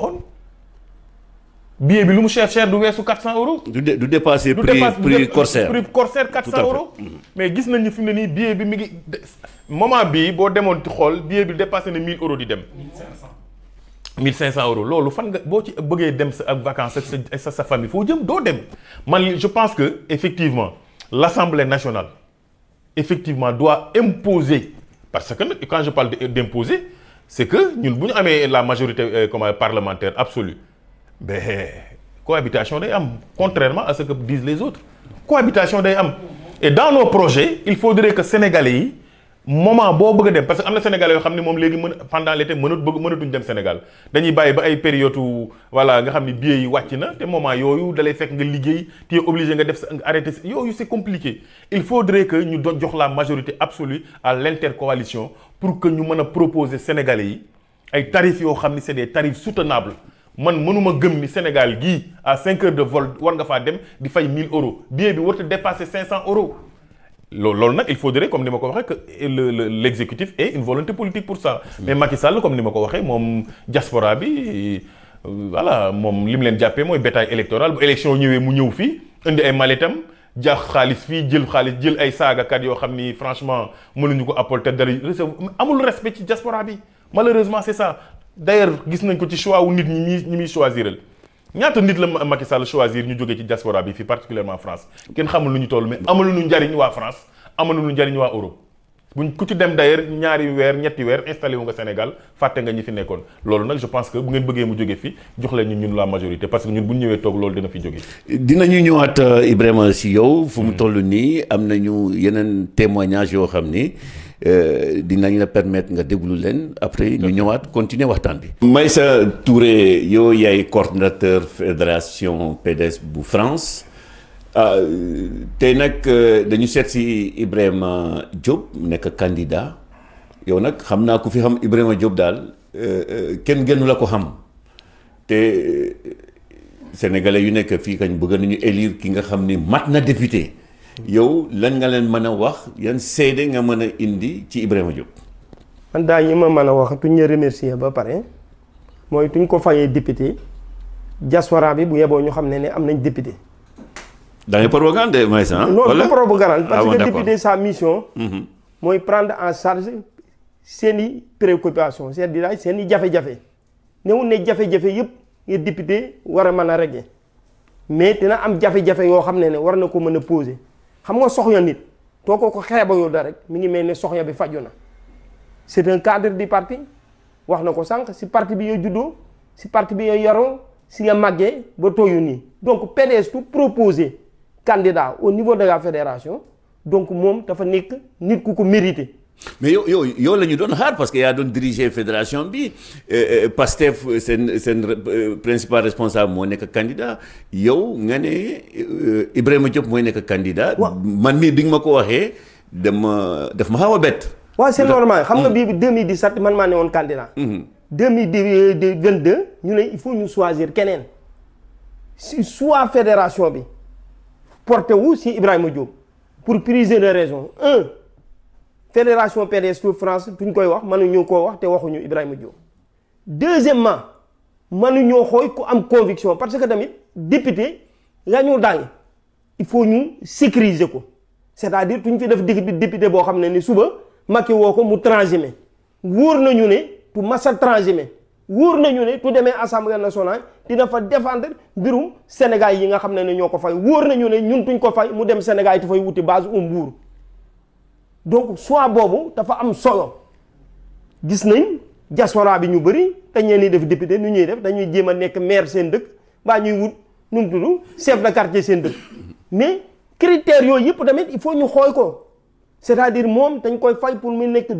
billet bi lu mu cher cher du wessu 400 euros. du du dépasser prix prix corsaire prix corsaire 400 euros. mais gis nañ ni fimné ni billet bi mi ngi moment bi bo demoon ci xol billet bi dépassé na 1000 euros di dem. 1500 1500 euros loolu fan nga boo ci bëggee dem sa ak vacances ak sa famille fo jëm do dem man je pense que effectivement l'Assemblée nationale, effectivement, doit imposer, parce que quand je parle d'imposer, c'est que nous avons la majorité euh, parlementaire absolue. Mais ben, cohabitation des hommes, contrairement à ce que disent les autres. Cohabitation des hommes. Et dans nos projets, il faudrait que Sénégalais moment boo bëgg a dem parce que am na sénégalais yoo xam ne moom léegi mën pendant l'été mënut bëgg mënatuñ dem Sénégal dañuy bàyyi ba ay période voilà nga xam ne billets yi wàcc na te moment yooyu dalay fekk nga liggéey tu es obligé nga def sa nga arrêté yooyu c'est compliqué il faudrait que ñu doon jox la majorité absolue à l'intercoalition pour que ñu mën a proposer sénégalais yi ay tarifs yoo xam ne c'est des tarifs soutenables man mënuma gëm ni Sénégal gii à 5 heures de vol war nga faa dem di fay 1000 euros billet bi warut a dépasser 500 euros loolu il faudrait comme ni ma ko que l'exécutif est ait une volonté politique pour ça. Mm. mais Macky Sall comme ni ma ko waxee moom diaspora bi voilà mon li mu leen jàppee mooy bétail électoral élection ñëwee mu ñëw fi, un ay maletam jaax xaalis fi, jël xaalis jël ay saagakat yoo franchement mënuñu ko apporte dara amul respect ci diaspora bi malheureusement c'est ça D'ailleurs, ailleurs gis nañ ko ci choix ou nit ñi ñi muy choisiral ñaata nit la Macky Sall choisir ñu joggé ci diaspora bi fi particulièrement France ken xamul lu ñu toll mais amaluñu njariñ wa France amul amaluñu njariñ wa Europe buñ ku ci dem d'ailleurs ñaari wër ñetti wër installé wu nga Sénégal faté nga ñi fi nekkoon loolu nak je pense que bu ngeen bëggee mu joggé fi jox leen ñun ñun la majorité parce que ñun buñ ñëwé tok toog loolu dina fi jóge. dinañu ñëwaat euh, Ibrahima si yow. fu mu tollu ni am nañu yeneen témoignage yo xamni euh, dinañ la permettre nga déglu leen après ñu ñëwaat continuer waxtaan bi. Meissa Touré yow yaay coordinateur fédération PDS bu France. Ah, tey nag euh, dañu seet si Ibrahima Diop nekk candidat yow nag xam naa ku fi xam Ibrahima Diop daal euh, kenn gënu la ko xam te sénégalais yu nekk fii kañ bëgg nañu élire ki nga xam ni mat na député yow lan nga len meuna wax yan cede nga meuna indi ci Ibrahima Diop man da yi meuna wax tu ñe remercier ba pare moy tuñ ko fayé député diaspora bi bu yeboo ñu xamné né am nañ député da nga propagande may sa non non propagande parce ah que député sa mission mm -hmm. mooy prendre en charge seni préoccupation c'est-à-dire seeni jafe-jafe newul ne jafe-jafe yépp nga député wara a régler mais dina am jafe jafé yo xamné né war na ko mën poser xam nga soxna nit too ko ko xeebaloo da rek mi ngi mel ne soxya bi faju na c'est un cadre du parti wax na ko sànq si parti bi nga juddoo si parti bi nga yaroo si nga màggee ba tooyu nii donc PDS tout proposé au niveau de la fédération donc moom dafa nekk nit ku ko mérité mais yo yo yo, la ñu doon xaar parce y a doon la fédération bi pasteur c'est c'est principal responsable moo nekk candidat yo nga Ibrahim euh, Ibrahima Diop mooy nekk candidat. man mii bi ma ko de dama daf ma xaw wa c'est normal xam nga mm. bi 2017 man maa ne candidat. candidat. Mm-hmm. 2022 ñu il faut ñu choisir kenen. si soit fédération bi porté wu si Ibrahima Diop pour plusieurs raisons un. fédération PDS Tour France duñ koy wax mënuñu koo wax te waxuñu Ibrahima Diop deuxièmement mënuñoo xooy ku am conviction parce que tamit député yaa ñu daal il faut ñu sécuriser ko c'est-à-dire tuñ fi def député boo xam ne ni suba Macky woo ko mu transhumé wóor nañu ne tu masa transhumé wóor nañu ne tu demee assemblée nationale dina fa défendre mbirum Sénégal yi nga xam ne ne ñoo ko fay wóor nañu ne ñun tuñ ko fay mu dem Sénégal yi tu fay wuti base u Mbuur donc soit fait un solo diaspora bi ñu bari te députés, def député a maire seen dëkk ba ñuy wut chef de quartier seen mais critères il faut ñu ko c'est-à-dire moi, dañ koy fay pour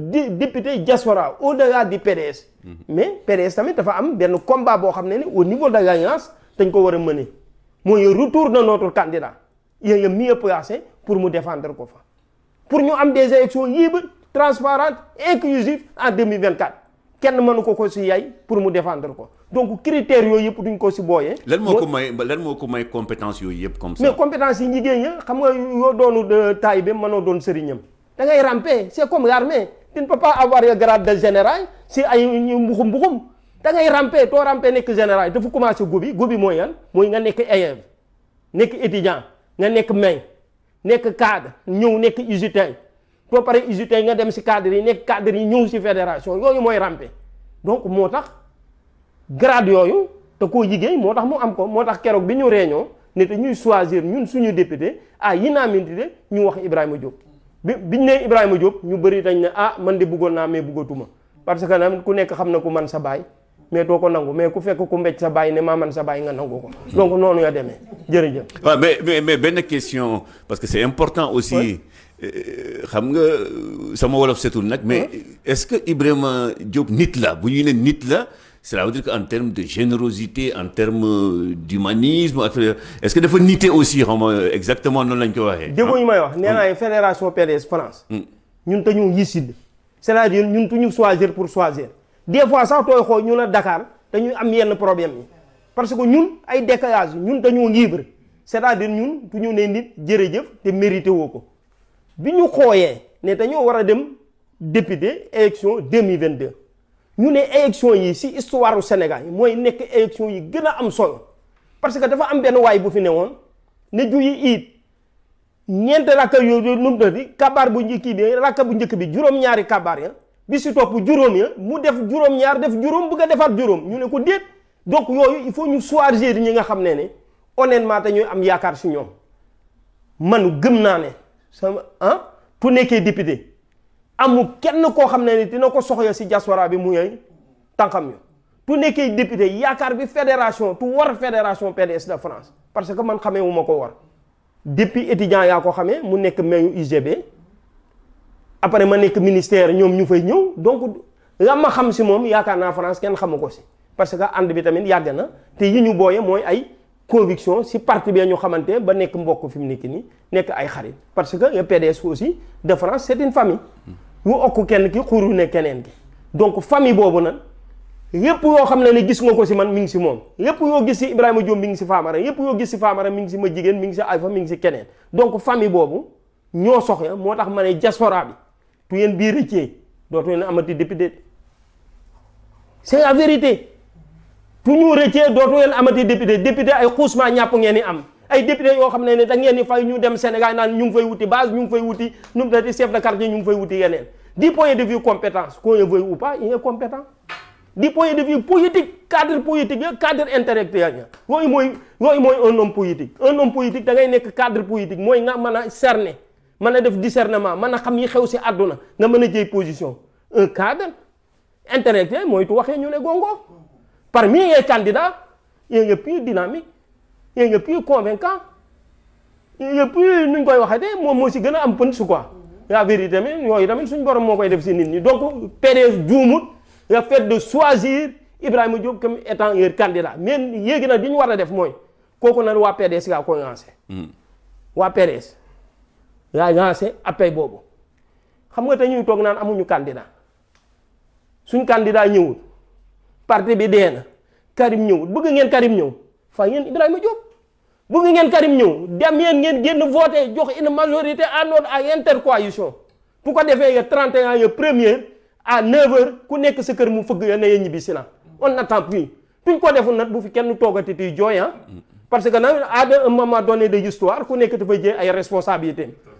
député diaspora au-delà du PDS. Mhm. mais PDS tamit dafa am combat bo au niveau de l'alliance dañ ko wara a moy retour de notre candidat il a mieux pour mu défendre pour nous am des élections libres transparentes inclusives en 2024 kenn ne ko ko pour nous défendre Donc donc critères pour nous duñ ko si booyee. lan comme ça. mais compétence yi donnez xam nga doonu donne da c'est comme l'armée tu ne peux pas avoir le grade de général si ay Vous mbuxum da ngay vous rampé, ramper compétences général commencé gubi gubi gobi moyen nga étudiant nekk cadre ñëw nekk usutin boo pare usutin nga dem si cadre yi nekk cadre yi ñëw si fédération yooyu mooy rampe donc moo tax grade yooyu te koo liggéey moo tax mu am ko moo tax keroog bi ñu réunion ne te ñuy choisir ñun suñu député ah unanimité ñu wax Ibrahima jóg bi biñ ne Ibrahima jóg ñu bëri dañ ne ah man de buggoon naa mais bëggatuma parce que nag ku nekk xam na ku man sa baay mais il ko nangu mais ku fekk ku sa ne ma man sa baye nga ko donc nous ya y jërëjëf. mais mais mais question parce que c'est important aussi. Euh, xam nga sama wolof setul nak mais est-ce que Ibrahima Diop nit la bu ñu né nit la. cela veut dire que en termes de générosité en termes euh, d'humanisme est-ce que dafa nité aussi exactement non lañ ko waxee. Hein? déggoo ñu may wax nee naa mm. fédération PDS France. Mm. ñun sommes ici. c'est-à-dire ñun tuñu sommes choisir pour choisir. des fois sax tooy xool ñu ne dakaar dañuy am yenn problème yi parce que ñun ay décalage ñun dañoo libre c'est-à-dire ñun du ñu ne nit jërëjëf te mérité woo ko bi ñu xooyee ne dañoo war a dem député élection 2022 ñu ne élection yi si histoire u Sénégal yi mooy nekk élection yi gën a am solo parce que dafa am benn waay bu fi ne woon ne juyi iit ñeent rakka yooyu numu ta di kabaar bu njëkk bi bu njëkk bi juróom-ñaari kabaar ya il si que ya mu def juróom-ñaar def que bëgg a defaat ñu ne ko donc il faut ñu Nous nga ne y honnêtement te am yaakaar si manu man gëm ne sama ah tu nekkee député amul kenn pas ne ni ko si jaswara bi mu Nous yo député bi fédération tu war fédération PDS de France parce que man wu war depuis étudiant ya ko mu que mayu UGB après ma nek ministère ñom ñu fay ñew donc la ma xam ci mom yaakaar France ken xamuko ci si parce que and bi tamit yàgg na te yi ñu boye moy ay conviction si parti bi ñu xamanté ba nek mbokk fim nek ni nek ay xarit parce que le PDS aussi de France c'est une famille wu okk kenn ki xuru ne kenen ki donc famille bobu nag lépp yo xam ni gis nga ko ci man mi ngi si moom lépp yo gis si Ibrahima Diom mi ngi si Famara lépp yo gis si Famara mi ngi ma jigen mi ngi Alpha mi ngi si keneen donc famille bobu ño soxla motax mané diaspora bi bu ngeen bii rëccee doo ngeen amati député c'est la vérité bu ñu rëccee dootu ngeen amati député député ay xuusma ñàpp ngeen di am ay député yoo xam ne ne da ngeen di fay ñu dem Sénégal naan ñu ngi fay wuti base ñu ngi fay wuti nu mu di chef de quartier ñu ngi fay wuti yeneen du point de vue compétence qu'on le veuille ou pas il est compétent du point de vue politique cadre politique yooyu mooy yooyu mooy un homme politique un homme politique da ngay nekk cadre politique mooy nga mën a cerner mana def discernement mana xam yi xew ci aduna nga mën jey position un cadre intellectuel moy tu waxe ñu né gongo parmi les candidats il y a plus dynamique il y a plus convaincant il y a plus ñu koy waxé dé mo mo ci gëna am pun su quoi la vérité mais yooyu tamit suñ borom mo koy def ci nit ñi donc PDS djoumout le fait de choisir Ibrahima Diop comme étant leur candidat mais yéegi nag wara def moy kooku na wa PDS ga koy lancé hmm. waa PDS la lancé appel boobu xam nga te ñuy toog naan amuñu candidat suñ candidat ñëwul parti bi dee na Karim ñëwul bëgg ngeen Karim ñëw fay ngeen Ibrahima Diop bëgg ngeen Karim ñëw dem yéen ngeen génn voté jox une majorité àndoon ak intercoalition bu ko defee ya 31 ya première à 9h ku nekk sa kër mu fëgg ya ne ya ñibbisi na on attend plus buñ ko deful na bu fi kenn toogati ti jooy ah. parce que nag à ma moment donné de l'histoire ku nekk dafay jël ay responsabilités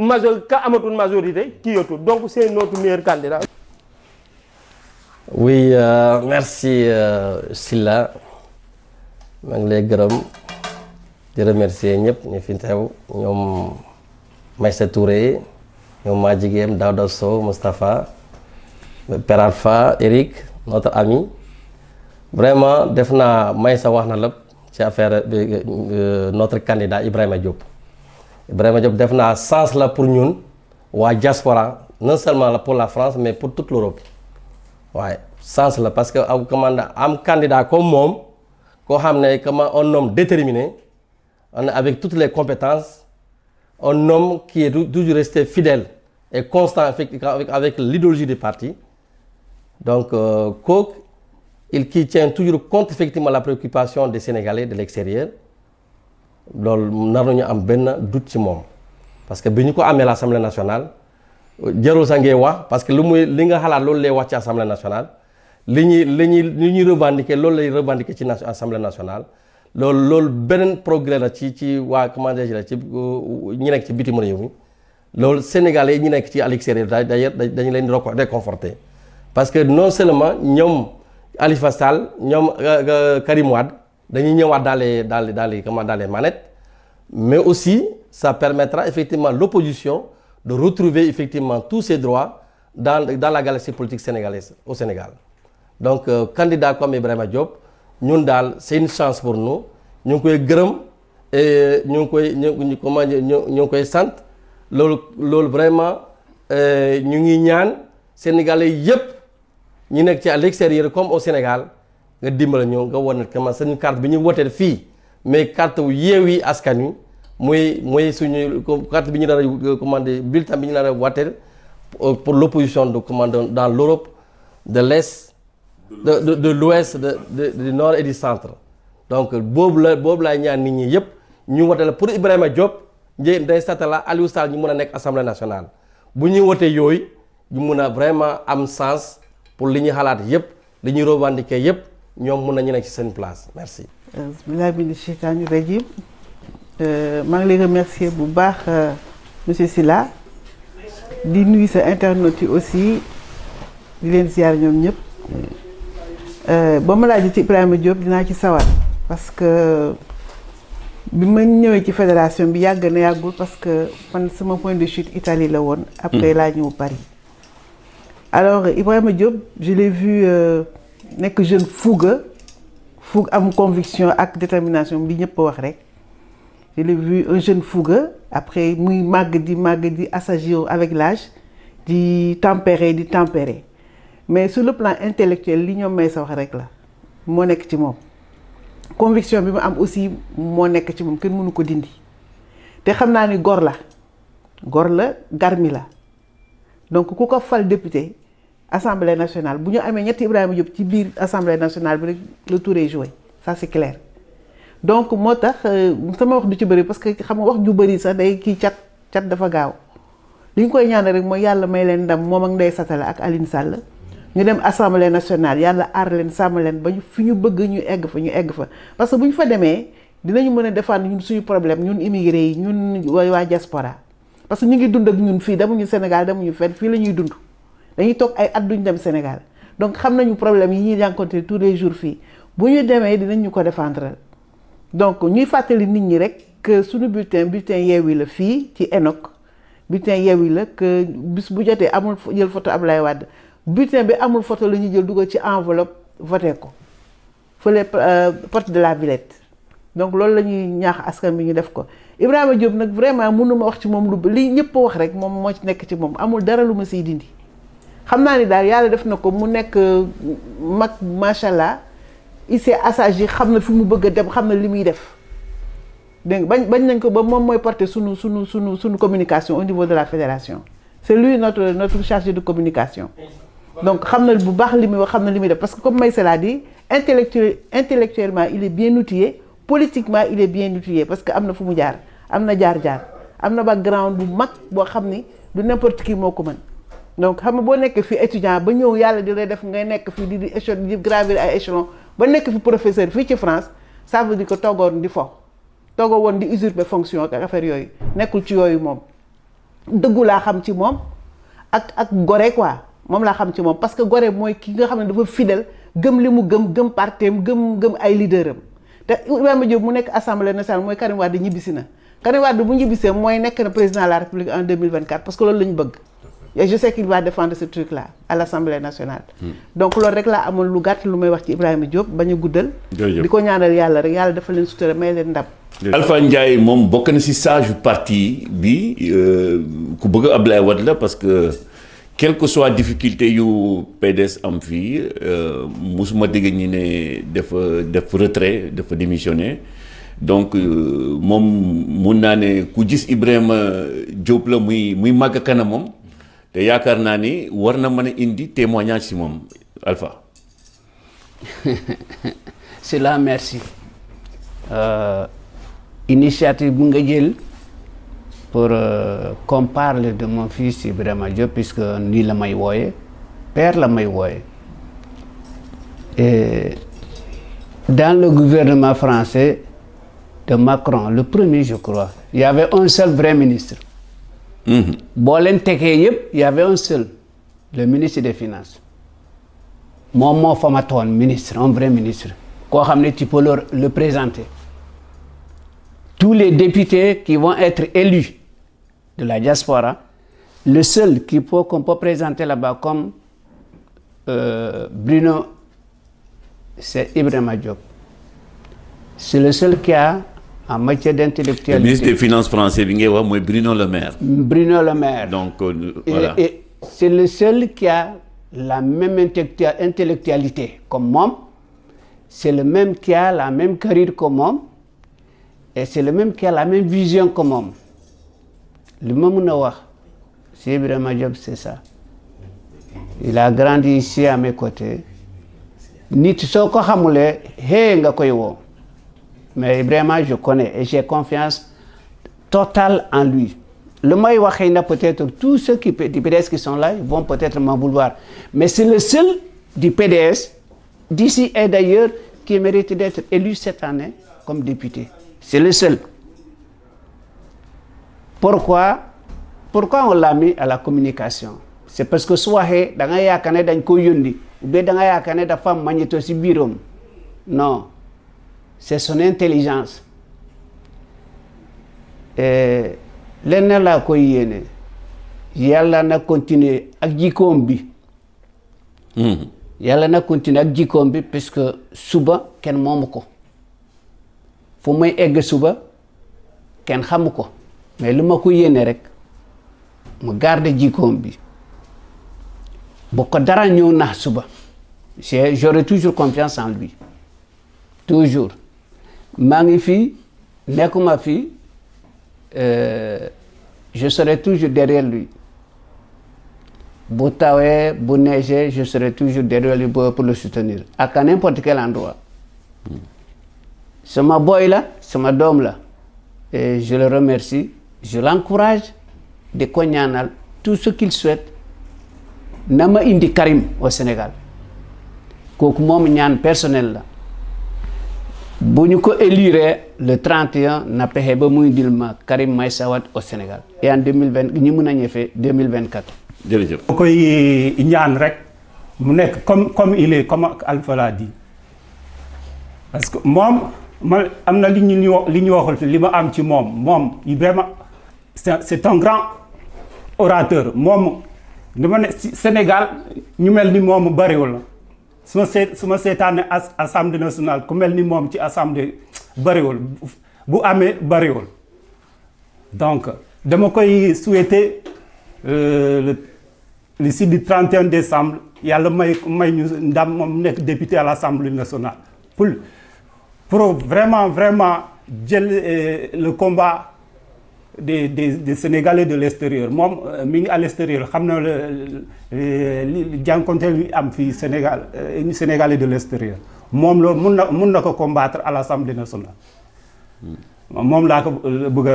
majorité, ka amatul majorité qui est tout. donc c'est notre meilleur candidat. oui euh, merci euh, Je vous remercie lay Je di remercier ñëpp ñu fi teew Maïssa Touré les membres de Daouda Moustapha Père Alpha Eric notre ami vraiment Defna naa Maïssa wax na de euh, notre candidat Ibrahima Diop. Ibrahima Diop a un sens la pour ñun la diaspora non seulement pour la France mais pour toute l'Europe sens parce que am candidat comme moi, un homme déterminé avec toutes les compétences un homme qui est toujours resté fidèle et constant avec avec, l'idéologie du parti donc euh, il qui tient toujours compte effectivement la préoccupation des Sénégalais de l'extérieur loolu nar ñu am benn doute ci moom parce que bi ñu ko amee la assemblée nationale jarul sa ngay wax parce que lu muy li nga xalaat loolu lay wax ci assemblée nationale li ñuy li ñuy li ñuy revendiquer loolu lay revendiquer ci assemblée nationale loolu loolu beneen progrès la ci ci waa comment dirais-je la ci ñi nekk ci bitim réew mi loolu yi ñu nekk ci à l'extérieur d'ailleurs dañu leen réconforter parce que non seulement ñoom Khalifa ñoom euh, euh, Karim Wade Nous dans les dans les manettes mais aussi ça permettra effectivement l'opposition de retrouver effectivement tous ses droits dans la galaxie politique sénégalaise au Sénégal donc candidats euh, candidat comme Ibrahima Diop c'est une chance pour nous Nous, sommes koy et nous, sommes koy ñu comment nous koy vraiment euh, ñu sénégalais yépp nous sommes à l'extérieur comme au Sénégal nga dimbala ñoo nga wane comment seen carte bi ñu woteel fii mais carte wu Yewwi Askan Wi mooy mooy suñu carte bi ñu daan a commandé bulletin bi ñu daan a wateel pour l' opposition de commandant dans l' Europe de l' est de de de l' de du nord et du centre donc boobu la boobu laay ñaan nit ñi yëpp ñu woteel pour Ibrahima Diop Ndiaye Ndeye Satala Aliou Sall ñu mën a nekk assemblée national bu ñuy wotee yooyu ñu mun a vraiment am sens pour li ñuy xalaat yëpp li ñuy yëpp. ñom mun nañu nekk ci seen place merci. bilaa bi ni cheytaani rajim euh, maa ngi lay remercier bu baax euh, monsieur sila di nuy sa internet yi aussi di len ziar ñom ñëpp. Euh, ba ma laajee ci Ibrahima Diop dina ci sawat parce que bima ñëwé ci fédération bi yag na yagul parce que man sama point de chute Italie la woon. après hmm. la ñu Paris. alors Ibrahima Diop je l'ai vu. Euh, un jeune fougue fougue am conviction ak détermination bi ñepp wax rek je l'ai vu un jeune fougue après muy di avec l'âge di tempérer di tempérer mais sur le plan intellectuel li mais sa wax rek conviction bi mu am aussi ci mënu ko dindi donc ku fal député assemblée nationale Si on a Ibrahima Diop assemblée nationale le tour est joué ça c'est clair donc je euh, ne sama wax du ci parce que je wax ju bëri sax day kii cat cat dafa gaaw li koy je rek may Ndeye Satala ak Aline Sall ñu dem assemblée nationale leen leen nationale, parce que si fa défendre ñun suñu problème ñun immigré diaspora parce que nous ngi dund ak ñun au Sénégal nous sommes ici. dañuy toog ay at duñ dem Sénégal donc xam nañu problème yi ñuy rencontrer tous les jours fii bu ñu demee dinañ ñu ko défendre donc ñuy fàttali nit ñi rek que suñu bulletin bulletin Yewwi la fii ci ENOC bulletin Yewwi la que bis bu jotee amul jël photo Ablaye Wade butin bi amul photo la ñuy jël dugal ci enveloppe voté ko fële euh, porte de la Villette donc loolu la ñuy ñaax askan bi ñu def ko Ibrahima Diop nag vraiment mënuma wax ci moom lu li ñëpp wax rek moom moo ci nekk ci moom amul dara lu ma siy dindi. xam ni daal yàlla def na ko mu nekk euh, mag macha allah il s'est assagi xam na fi mu bëgg a dem xam na li muy def dégg bañ bañ nañ ko ba moom mooy porter sunu sunu sunu sunu communication au niveau de la fédération c'est lui notre notre chargé de communication. donc xam na bu baax li muy wax xam na li muy def parce que comme Maïssa l'a dit intellectuel intellectuellement il est bien outillé politiquement il est bien outillé parce que am na fu mu jaar am na jaar-jaar am na background bu mag boo xam ni du n'importe qui moo ko mën. donc xam nga boo nekk fii étudiant ba ñëw yàlla di lay def ngay nekk fii di di échelon di gravir ay échelon ba nekk fi professeur fii ci France ça veut dire que toogoon di fo toogoo woon di usurper fonction ak affaire yooyu nekkul ci yooyu moom dëggu laa xam ci moom ak ak gore quoi moom laa xam ci moom parce que gore mooy ki nga xam ne dafa fidèle gëm li mu gëm gëm parteem gëm gëm ay leaderam te Ibrahima Diop mu nekk assemblée nationale mooy Karim Wade ñibbisi na Karim la ñu bëgg et je sais qu'il va défendre ce truc là à l'Assemblée nationale. donc loolu rek laa amoon lu gàtt lu may wax ci Ibrahima Diop bañ a guddal. di ko ñaanal yàlla rek yàlla dafa leen sutura may leen ndam. Alpha Ndiaye moom bokk na si sage parti bi euh, ku bëgg Abdoulaye Wade la parce que quelle que soit difficulté yu PDS am fii euh, musuma dégg ñi ne dafa def retrait dafa démissionner. donc euh, moom mun naa ne ku gis Ibrahima Diop la muy muy màgg kanamam de yakarnani Nani, indi témoignage Alpha. cela merci euh, initiative bu pour euh, qu'on parle de mon fils Ibrahima Diop puisque ni la may père la may et dans le gouvernement français de Macron le premier je crois il y avait un seul vrai ministre Mm-hmm. Il y avait un seul le ministre des finances moom moo ministre un vrai ministre Quoi tu peux le présenter tous les députés qui vont être élus de la diaspora le seul qui peut qu'on peut présenter là-bas comme euh, Bruno c'est Ibrahim Diop c'est le seul qui a en matière d'intellectualité. Le ministre des Finances français, Bruno Le Maire. Bruno Le Maire. Donc, euh, c'est le seul qui a la même intellectualité comme moi. C'est le même qui a la même carrière comme moi. Et c'est le même qui a la même vision comme moi. Le même Nawa, c'est vraiment Job, c'est ça. Il a grandi ici à mes côtés. a soko ici hé mais vraiment je connais et j'ai confiance totale en lui. Le Maï peut-être tous ceux qui, du PDS qui sont là vont peut-être m'en vouloir. Mais c'est le seul du PDS, d'ici et d'ailleurs, qui mérite d'être élu cette année comme député. C'est le seul. Pourquoi Pourquoi on l'a mis à la communication C'est parce que soit il y a des gens qui ou il y a des femme qui Non c'est son intelligence l'un laa koy yéene yàlla na continuer ak jikkoom bi hmm. yàlla na continuer ak jikkoom bi parce que suba kenn moomu ko fu muy egg suba kenn xamu ko mais lu ma ko yéene rek mu garder jikkoom bi bu ko dara ñëw suba j'aurai toujours confiance en lui toujours Magnifique, ngi fi euh, je serai toujours derrière lui Botawe, je serai toujours derrière lui pour le soutenir à n'importe quel endroit ma boy là, c'est ma dame et je le remercie je l'encourage de connaître tout ce qu'il souhaite Nama suis indi au Sénégal personnel là. Si nous ko élire le 31 na avons ba Karim Maïsawad au Sénégal et en 2020 nous avons a en 2024 jërëjëf bu ñaan rek mu nekk comme comme il est comme Alpha l'a dit parce que moi, je suis c'est un grand orateur Sénégal ñu sommes un si ma seet assemblée nationale ku mel ni moom ci assemblée bëriwul bu amee bëriwul donc dama koy souhaiter euh, le le 31 décembre il may may ñu ndam député à l'Assemblée nationale pour vraiment vraiment euh, le combat des des des Sénégalais de l'extérieur. Moi, je euh, mi à l'extérieur, Je suis am euh, Sénégalais de l'extérieur. Moi, je combattre à l'Assemblée nationale. Mom hmm. la ko euh, bëgg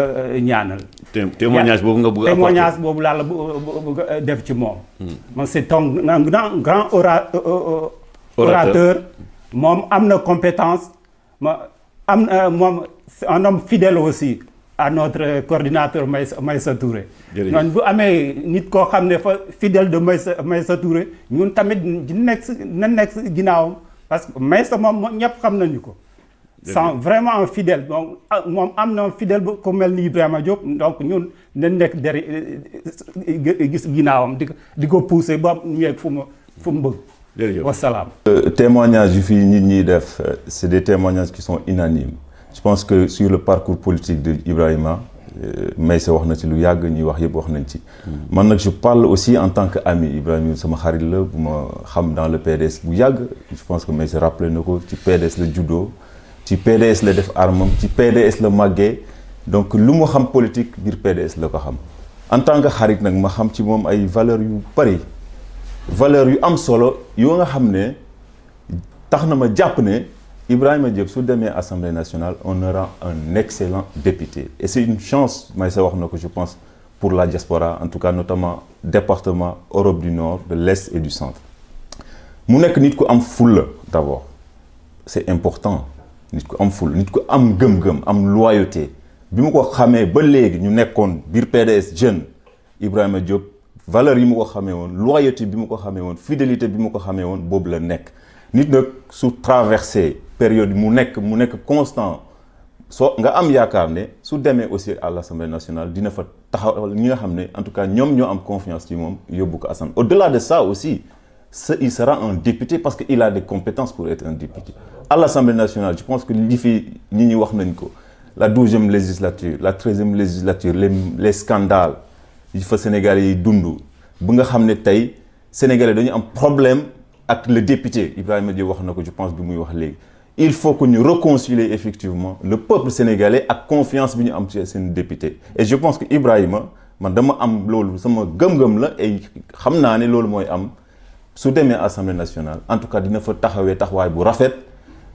ñaanal. témoignage bobu nga bëgg témoignage la def ci hmm. man un grand orateur mom amna compétence un homme fidèle aussi à notre coordinateur Maïssa Touré. Nous bu fidèles nit fidèle de Maïssa Touré nous sommes nekk na nous parce que Maïssa vraiment un fidèle donc ah, fidèles donc nous eh, euh, témoignages euh, c'est des témoignages qui sont inanimes je pense que sur le parcours politique de Ibrahima euh, mais c'est na ci lu yàgg ñuy wax wax nañ ci. man je parle aussi en tant que ami Ibrahima sama xarit la bu ma xam dans le PDS bu je pense que mais rappelé rappelle ko ci PDS le judo, ci PDS le def armam ci PDS le màggee donc lu mu xam politique biir PDS le ko xam en tant que xarit nous ma xam ci moom ay valeurs yu bari valeurs yu am solo yo nga xam ne tax ma jàpp Ibrahim Diop, sous demain Assemblée nationale, on aura un excellent député. Et c'est une chance, que je pense, pour la diaspora, en tout cas notamment département Europe du Nord, de l'Est et du Centre. Nous sommes nit ko am foule d'abord. C'est important. Nit ko am foule, nit ko am gëm en am loyauté. Bimu ko xamé ba légui ñu nekkon bir PDS jeune Ibrahima Diop valeur yi mu xamé won, loyauté bi won, fidélité bi ko xamé won bobu la nek. Nit nak sous traverser période mu nek mu Si constant soo nga am yaakaar ne su aussi à l'Assemblée nationale dina fa taxawal ñi nga en tout cas ñoom ñoo confiance ci moom ko au-delà de ça aussi il sera un député parce qu'il a des compétences pour être un député à l'Assemblée nationale je pense que li fi ñi wax nañ ko la 12e législature la 13e législature les scandales il fa Sénégalais yi dund bu nga xam ne Sénégalais dañu am problème avec le député Ibrahima Diop wax na je pense bi muy wax il faut que nous réconcilions effectivement le peuple sénégalais à confiance bi ñu am ci et je pense que Ibrahima man dama am loolu sama gëm-gëm la et xam naa ne loolu mooy am assemblée nationale en tout cas dina fa nous taxawaay bu rafet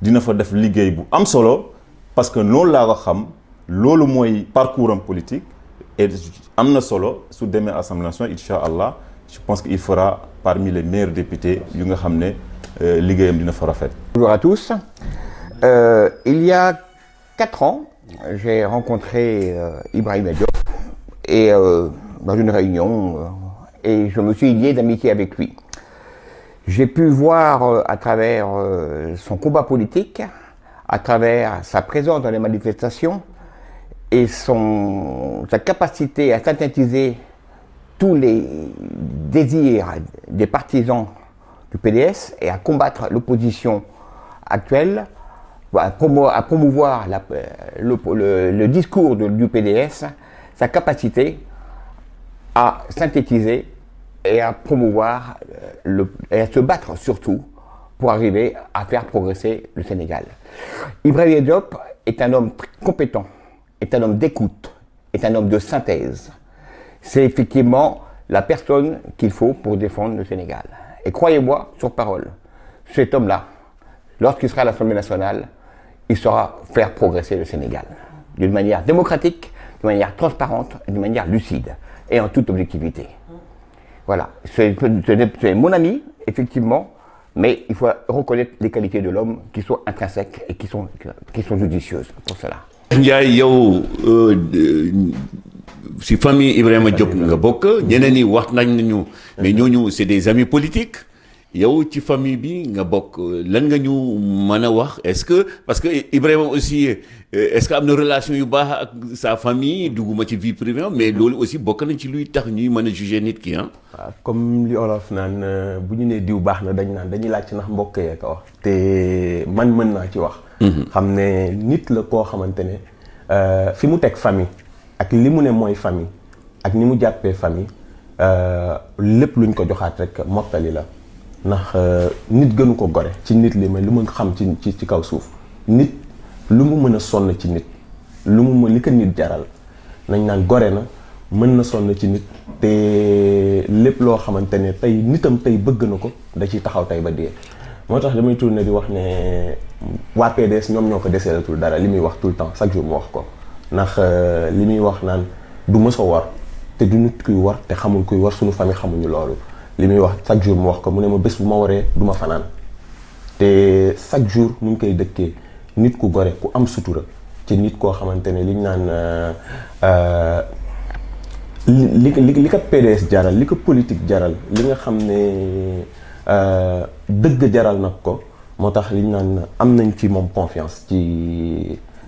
dina fa def liggéey bu am solo parce que loolu la ko xam loolu parcours politique et am solo sous demee assemblée nationale et je pense qu'il fera parmi les meilleurs députés yu nga xamné euh, dina fa Bonjour à tous. Euh, il y a quatre ans, j'ai rencontré euh, Ibrahim Diop et dans une réunion et je me suis lié d'amitié avec lui. J'ai pu voir à travers son combat politique, à travers sa présence dans les manifestations et son, sa capacité à synthétiser tous les désirs des partisans du PDS et à combattre l'opposition actuelle, à, promouvoir euh, le, discours du PDS, sa capacité à synthétiser et à promouvoir euh, le, se battre surtout pour arriver à faire progresser le Sénégal. Ibrahim Diop est un homme compétent, est un homme d'écoute, est un homme de synthèse. C'est effectivement la personne qu'il faut pour défendre le Sénégal. Et croyez-moi, sur parole, cet homme-là, lorsqu'il sera à l'Assemblée nationale, il saura faire progresser le Sénégal. D'une manière démocratique, d'une manière transparente, d'une manière lucide et en toute objectivité. Voilà. C'est mon ami, effectivement, mais il faut reconnaître les qualités de l'homme qui sont intrinsèques et qui sont, qui sont judicieuses pour cela. Euh, si famille Ibrahim Diop nga bokk ñeneen ñi wax nañ nañu mais ñoo ñooñu c'est des amis politiques yow ci famille bi nga bokk lan nga ñu mëna wax est-ce que parce que Ibrahim aussi euh, est-ce que am relation yu baax ak sa famille duguma ci vie privée mais loolu aussi bokk na ci luy tax ñuy mëna juger nit ki hein comme li olof naan euh, bu ñu nee diw baax na dañu nan dañuy lacc ci ndax mbokk yee ko wax. té man mëna ci wax. Mhm. xamné ne nit la ko xamante euh fi mu teg famille. ak li mu ne mooy famille ak ni mu jàppee famille euh, lépp luñ ko joxaat rek mottali la ndax euh, nit gënu ko gore ci nit li ma li ma xam ci ci ci kaw suuf nit lu mu mën a sonn ci nit lu mu mën li ko nit jaral nañ naan gore na mën na sonn ci nit te lépp loo xamante ne tey nitam tey bëgg na ko da ciy taxaw tey ba dee moo tax damay ne di wax ne waa PDS ñoom ñoo ko deseelatul dara li muy wax tout temps chaque jour mu wax ko ndax euh, li muy wax naan du mës a war te du nit kuy war te xamul kuy war suñu famille xamuñu loolu li muy wax chaque jour mu wax ko mu ne ma bés bu ma waree du ma fanaan te chaque jour mu ngi koy dëkkee nit ku gore ku am sutura ci nit koo xamante ne liñ naan euh, euh, li li li ko PDS jaral li ko politique jaral li nga xam ne dëgg jaral nag ko moo tax liñ naan am nañ ci moom confiance ci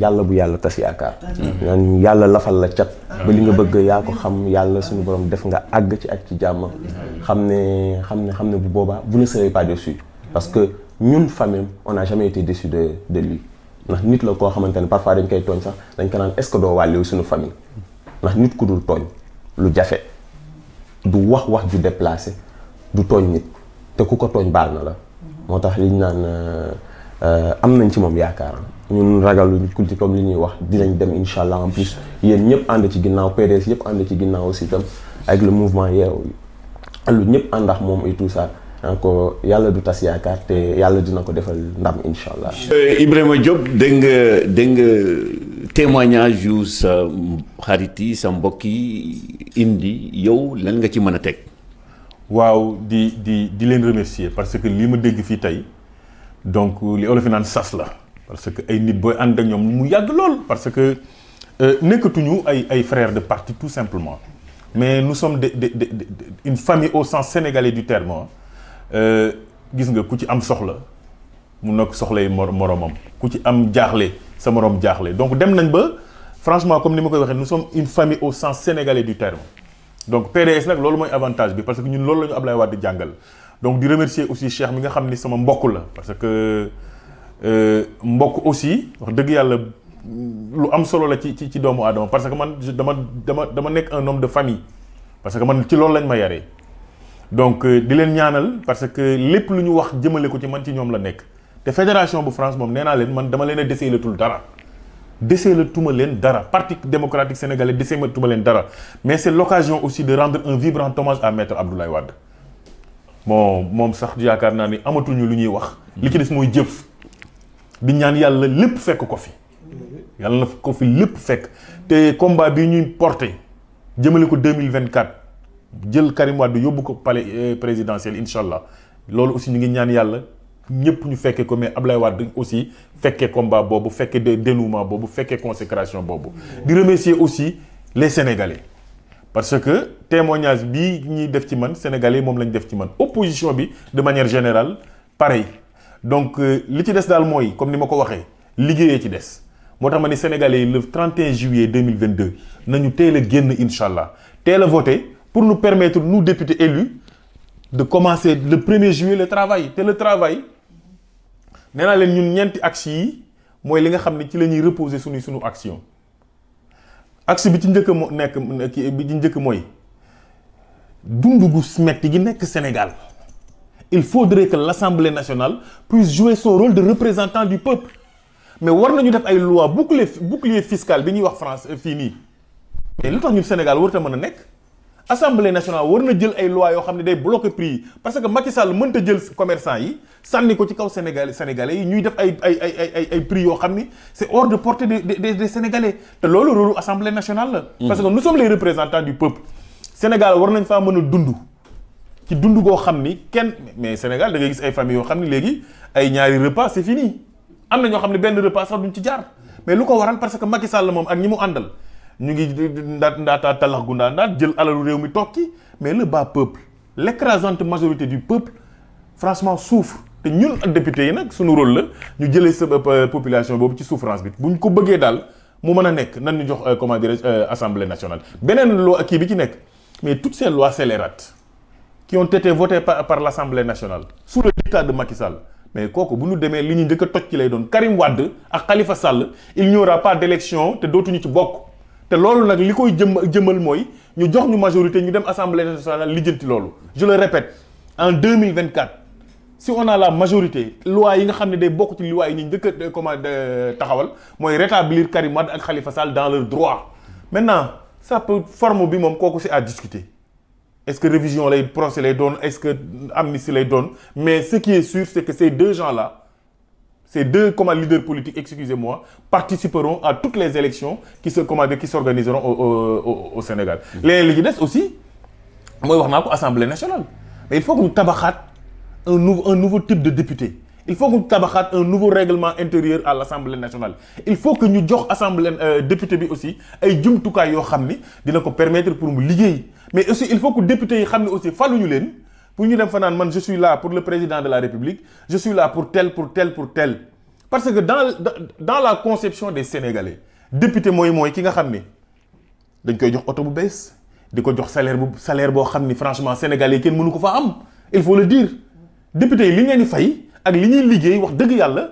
yàlla bu yàlla tas yaakaar naan yàlla lafal la cat ba li nga bëgg yaa ko xam yàlla suñu borom def nga àgg ci ak ci jàmm xam ne xam ne xam ne bu boobaa bu ne serez pas déçu parce que ñun famille on n'a jamais été déçu de de lui ndax nit la koo xamante ne parfois dañ koy tooñ sax dañ ko naan est-ce que doo wàllewu suñu famille ndax nit ku dul tooñ lu jafe du wax wax ju déplacé du tooñ nit te ku ko tooñ baal na la moo tax liñ naan euh, euh, am nañ ci moom yaakaar ñun lu ku ci comme li ñuy wax dinañ dem Inshallah en plus yeen ñëpp and ci ginnaw PDS yëpp and ci ginnaw aussi tam avec le mouvement yeewu lu ñëpp àndax mom et tout ça donc yalla du tass yakar te yalla dina ko defal ndam inshallah euh, Ibrahima job de nga nga témoignage yu sa xariti sa mbokki indi yow lan nga ci mëna a waaw di di di len remercier parce que li ma dégg fi tay donc li olofinan sas la. parce que ay nit boy ànd ak ñoom mu yag lool parce que euh, nekkatuñu ay ay frères de parti tout simplement mais nous sommes de de de une famille au sens sénégalais du terme hein. euh, gis nga ku ci am soxla mun na ko soxlay moromam ku ci am jaxlé sa morom jaxlé donc dem nañ ba franchement comme ni ma koy waxe nous sommes une famille au sens sénégalais du terme donc PDS nak loolu moy avantage bi parce que ñun loolu lañu ñu Ablaye Wade jàngal donc di remercier aussi Cheikh mi nga xamni sama mbokk la parce que. Euh, mbokk aussi wax dëgg yàlla lu am solo la ci ci ci doomu aadama parce que man dama dama dama nekk un homme de famille parce que man ci loolu lañ ma yare donc euh, di leen ñaanal parce que lépp lu ñu wax jëmale ko ci man ci ñoom la nekk te fédération bu France moom nee naa leen man dama leen a deseelatul dara deseelatuma leen dara parti démocratique sénégalais deseelatuma leen dara mais c'est l'occasion aussi de rendre un vibrant hommage à maître Abdoulaye Wade bon moom sax yaakaar naa ni amatuñu lu ñuy wax li ci des mooy jëf di ñaan yalla lepp fekk ko fi yalla na ko fi lepp fekk te combat bi ñuy porter 2024 ko 2024 jël Karim Wade yóbbu ko palais euh, présidentiel inshallah lolu aussi ñu ngi ñaan yalla ñëpp ñu fekkee ko mais Ablaye Wade aussi fekkee combat boobu fekkee dénouement bobu fekkee consécration bobu di remercier aussi les sénégalais parce que témoignage bi ñi def ci man sénégalais mom lañ def ci man opposition bi de manière générale pareil donc euh, li ci dess dal moy comme ni ma ko waxee liggéeyee ci dess motax sénégalais le 31 juillet 2022 Nous avons voté pour nous permettre nous députés élus de commencer le 1er juillet le travail té le travail néna len ñun ñeenti axe yi mooy li nga xam ci la reposer suñu suñu action axe bi ci njëkk nekk bi gi Sénégal il faudrait que l'Assemblée nationale puisse jouer son rôle de représentant du peuple mais war nous def ay loi bouclier bouclier fiscal bi fini wax France fini. fini. mais lu tax Sénégal warut a mën Assemblée nationale war na des lois loi yoo xam day prix parce que Macky Sall mënta jël commerçant yi sànni ko ci kaw les sénégalais yi ñuy def ay prix qui c'est hors de portée des des des sénégalais te loolu rôlu l'Assemblée nationale mmh. parce que nous sommes les représentants du peuple Sénégal war nañ faa mën ci dund goo xam ni kenn mais Sénégal da ngay gis ay famille yoo xam ne léegi ay ñaari repas c'est fini am na ñoo xam ne benn repas sax duñ ci jaar mais lu ko waral parce que Macky Sall moom ak ñi mu àndal ñu ngi ndaat ndaataa talax gunda ndaat jël alalu réew mi tokki mais le bas peuple l'écrasante majorité du peuple franchement souffre te ñun député yi nag suñu rôle la ñu jëlee sa population boobu ci souffrance bi buñ ko bëggee daal mu mën a nekk nan ñu jox euh, comment dirais euh, assemblée nationale beneen loi kii bi ci nekk mais toutes ces lois scélérates qui ont été votés par, l'Assemblée nationale sous le dictat de Macky Sall. Mais Koko, bu ñu demee li ñu njëkk a ci Karim Wade ak Khalifa Sall il n'y aura pas d'élection et d'autres ci bokk pas loolu nag li koy jëm nous mooy ñu jox majorité ñu dem assemblée nationale lijjanti je le répète en 2024, si on a la majorité loi yi nga xam ci loi yi ñu euh, euh, rétablir Karim Wade et Khalifa Sall dans leurs droit maintenant ça peut forme bi forme à discuter. Est-ce que révision les procès les donne Est-ce que amnistie les donne Mais ce qui est sûr, c'est que ces deux gens-là, ces deux comme leaders politiques, excusez-moi, participeront à toutes les élections qui se qui s'organiseront au, Sénégal. Mmh. Les LGDS aussi, moi, l'Assemblée nationale. il faut qu'on nous un, un nouveau type de député. Il faut nous tabaxaat un nouveau règlement intérieur à l'Assemblée nationale il faut que nous jox assemblée euh, député aussi et nous yoo xam nous permettre pour nous lier mais aussi il faut que député députés xam ne aussi faluñu leen pour ñu dem fa man je suis là pour le président de la république je suis là pour tel pour tel pour tel parce que dans dans la conception des sénégalais député mooy mooy ki nga xam dañ koy jox auto bu bees diko jox salaire bu salaire bo xam franchement sénégalais ken mënu ko fa am il faut le dire député li ñeñu fay ak li ñuy liggéey wax dëgg yàlla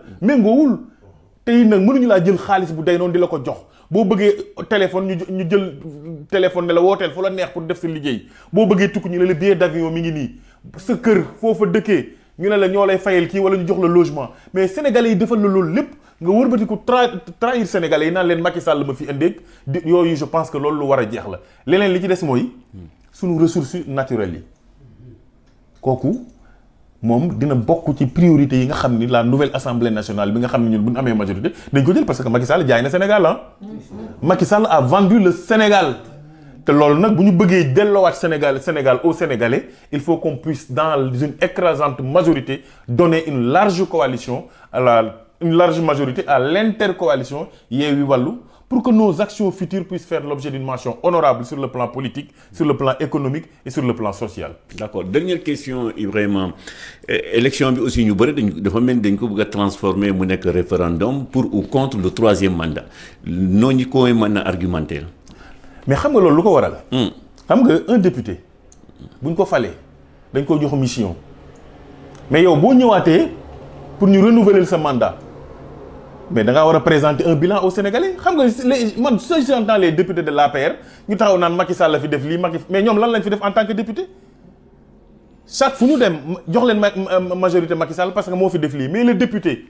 tay nak mënu ñu la jël xaliss bu day non di la ko jox si vous téléphone ñu jël téléphone vous la wooteel les la neex pour def Si liggéey boo le vous ñu ne billet d'avion mi ngi nii les kër foofa dëkkee ñu un la ñoo lay qui. wala ñu jox logement mais sénégalais defal le loolu le sénégalais je pense que lu fait la hmm. ressources naturelles mom dina bokku ci priorité yi nga la nouvelle assemblée nationale bi nga xamni ñun majorité dañ ko jël parce que Macky Sall jaay na Sénégal hein. Macky Sall a vendu le Sénégal. té loolu nak buñu bëggé bëggee delloowaat Sénégal Sénégal au Sénégalais il faut qu'on puisse dans une écrasante majorité donner une large coalition à une large majorité à l'intercoalition pour que nos actions futures puissent faire l'objet d'une mention honorable sur le plan politique, sur le plan économique et sur le plan social. D'accord. Dernière question, Ibrahim. Eh, élection aussi, nous devons transformer le référendum pour ou contre le troisième mandat. nous avons un Mais vous savez ce que Un député, si vous fallait, il une mission. Mais si vous pour nous renouveler ce mandat, mais da nga wara présenter un bilan au Sénégalais xam nga man ce j'entends les députés de l'APR ñu taxaw naan Macky Sall fi def li Macky mais ñom lan lañ fi def en tant que député chaque fu ñu dem jox leen majorité Macky Sall parce que mo fi def li mais le député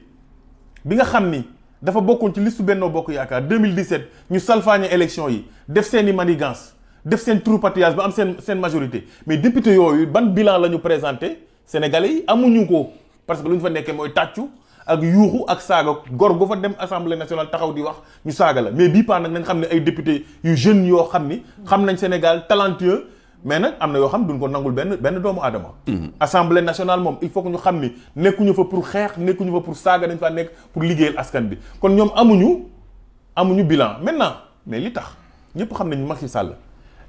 bi nga xam ni dafa bokkoon ci liste Benno Bokk Yaakaar 2017 ñu salfaañe élection yi def seen manigance def seen troupatillage ba am seen seen majorité mais député yoyu ban bilan lañu présenter Sénégalais yi amuñu ko parce que lu fa nekkee moy tatchu ak yuuxu ak saaga gor gu fa dem assemblée nationale taxaw di wax ñu saaga la mais bii paa nag nañ xam ne ay député yu jeune yoo xam ni. xam nañ Sénégal talentueux. mais nag am na yoo xam duñ ko nangul benn benn doomu aadama. Mhm. assemblée nationale moom il faut que ñu xam ni nekkuñu fa pour xeex nekkuñu fa pour saaga dañ faa nekk pour liggéeyal askan bi kon ñoom amuñu amuñu bilan maintenant mais li tax ñëpp xam nañu Macky Sall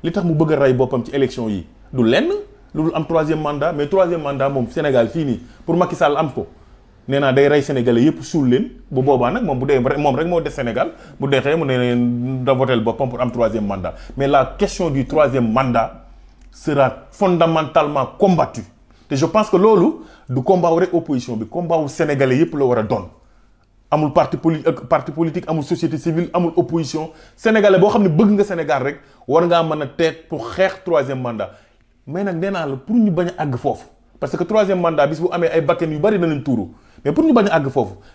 li tax mu bëgg a rey boppam ci élection yi du lenn lu dul am troisième mandat mais troisième mandat moom Sénégal fii nii pour Macky Sall am ko néna day ray sénégalais yépp suul leen bu hmm. boobaa nag moom bu dee moom rek moo des Sénégal bu dee xëy mu ne da votel boppam pour am troisième mandat mais la question du troisième mandat sera fondamentalement combattue te je pense que loolu du combat rek opposition bi combat wu sénégalais yépp la war a doon amul parti politique parti politique amul société civile amul opposition sénégalais boo xam ne bëgg nga Sénégal rek war ngaa mën a pour xeex troisième mandat mais nag nee naa la pour ñu bañ a àgg foofu parce que troisième mandat bis bu amee ay bakkan yu bari danañ tuuru. Mais pour nous,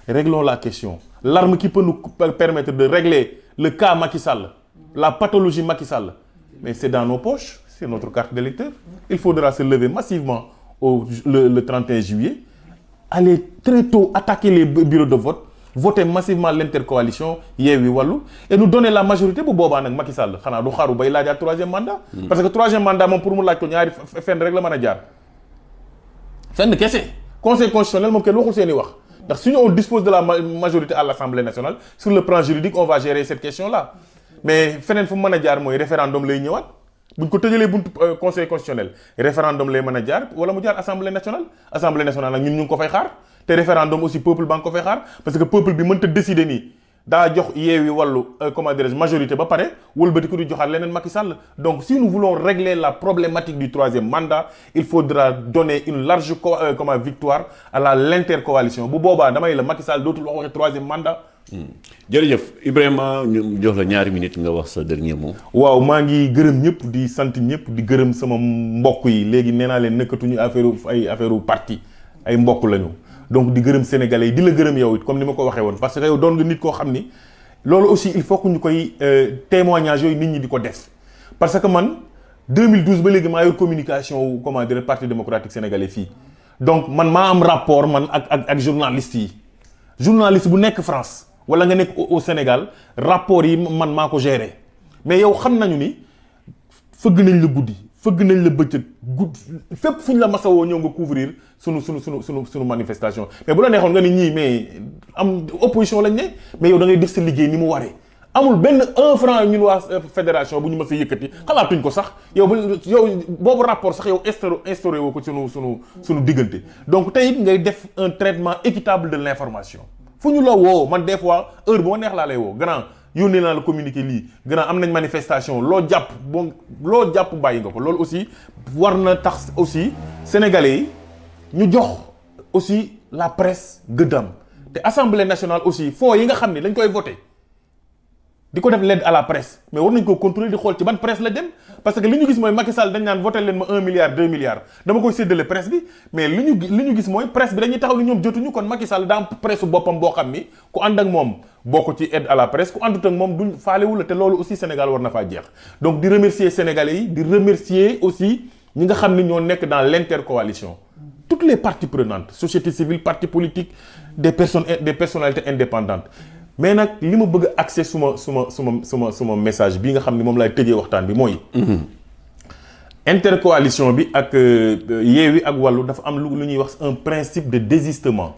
réglons la question. L'arme qui peut nous permettre de régler le cas Macky Sall, la pathologie Macky Sall, mais c'est dans nos poches, c'est notre carte d'électeur. Il faudra se lever massivement le, 31 juillet, aller très tôt attaquer les bureaux de vote, voter massivement l'intercoalition Yewi et nous donner la majorité pour Boba Makissal Macky Sall xana du troisième mandat mm. parce que troisième mandat mon pour moi la ko ñaari fenn rek la mëna jaar fenn kessé conseil constitutionnel c'est ce waxul nous Parce si on dispose de la majorité à l'Assemblée nationale sur le plan juridique on va gérer cette question là mais le faut que le référendum lay ñëwaat bu euh, conseil constitutionnel référendum lay mën a wala assemblée nationale assemblée nationale nous ñun ñu ko référendum aussi peuple ba le parce que le peuple bi décider da jox yeewi walu euh, comment dirais majorité ba pare wëlbatiku di joxaat leneen Macky Sall donc si nous voulons régler la problématique du troisième mandat il faudra donner une large euh, comme victoire à la l'intercoalition bu boba damay la Macky Sall dotul wax troisième mandat. Hmm. jërëjëf Ibrahima ñu jox la ñaari minute nga wax sa dernier mot. waaw ma ngi gërëm ñëpp di sant ñëpp di gërëm sama mbokk yi légui nee naa leen nekkatuñu affaire ay affaire parti ay mbokk lañu donc di gërëm sénégalais di la gërëm yow comme ni ma ko waxé won parce que yow doon nga nit ko xamni loolu aussi il faut que ñu koy euh, témoignage yooyu nit ñi di ko def parce que man 2012 ba légui ma yor communication wu comment dire parti démocratique sénégalais fi donc man m'a am rapport man ak ak ak journaliste yi journaliste bu nek France wala nga nek au Sénégal rapport yi man mako ko gérer mais yow xam nañu ni feug nañ la guddi feug nañ la beut gudd fépp fuñ la massa wo ñëw nga couvrir suñu suñu suñu suñu sunu manifestation mais bu la neexoon nga ni ñi mais am opposition lañ ne mais yow da ngay def sa liggéey ni mu waré amul benn 1 franc ñun wa euh, fédération bu ñu mësa yëkëti yëkkati tuñ ko sax yow yow bobu rapport sax yow instauré wo ko suñu suñu suñu digënté donc tayit ngay def un traitement équitable de l'information fuñu la wo man des fois heure bu ma neex laa lay wo grand ils ont la communiqué li manifestation lo bon nga aussi warna tax aussi sénégalais ñu aussi la presse gudam té assemblée nationale aussi fo yi nga xamni voter di ko def l'aide à la presse mais war nañ ko contrôler di xool ci ban presse la dem parce que li ñu gis mooy Macky Sall dañ naan voté leen ma un milliard deux milliards dama koy séddale presse bi mais li ñu li ñu gis mooy presse bi dañuy taxaw ni ñoom jotuñu kon Macky Sall daa presse boppam boo xam ni ku ànd ak moom bokk ci aide à la presse ku àndut ak moom duñ faalewul la te loolu aussi Sénégal war na faa jeex donc di remercier Sénégalais yi di remercier aussi ñi nga xam ni ñoo nekk dans l'intercoalition toutes les parties prenantes société civile partis politiques des personnes des personnalités indépendantes mais nak li bëgg accès suma suma suma suma suma message bi nga xamni mom lay laay tëjee waxtaan bi mooy. Mhm. intercoalition bi ak euh, Yewwi ak walu dafa am lu ñuy wax un principe de désistement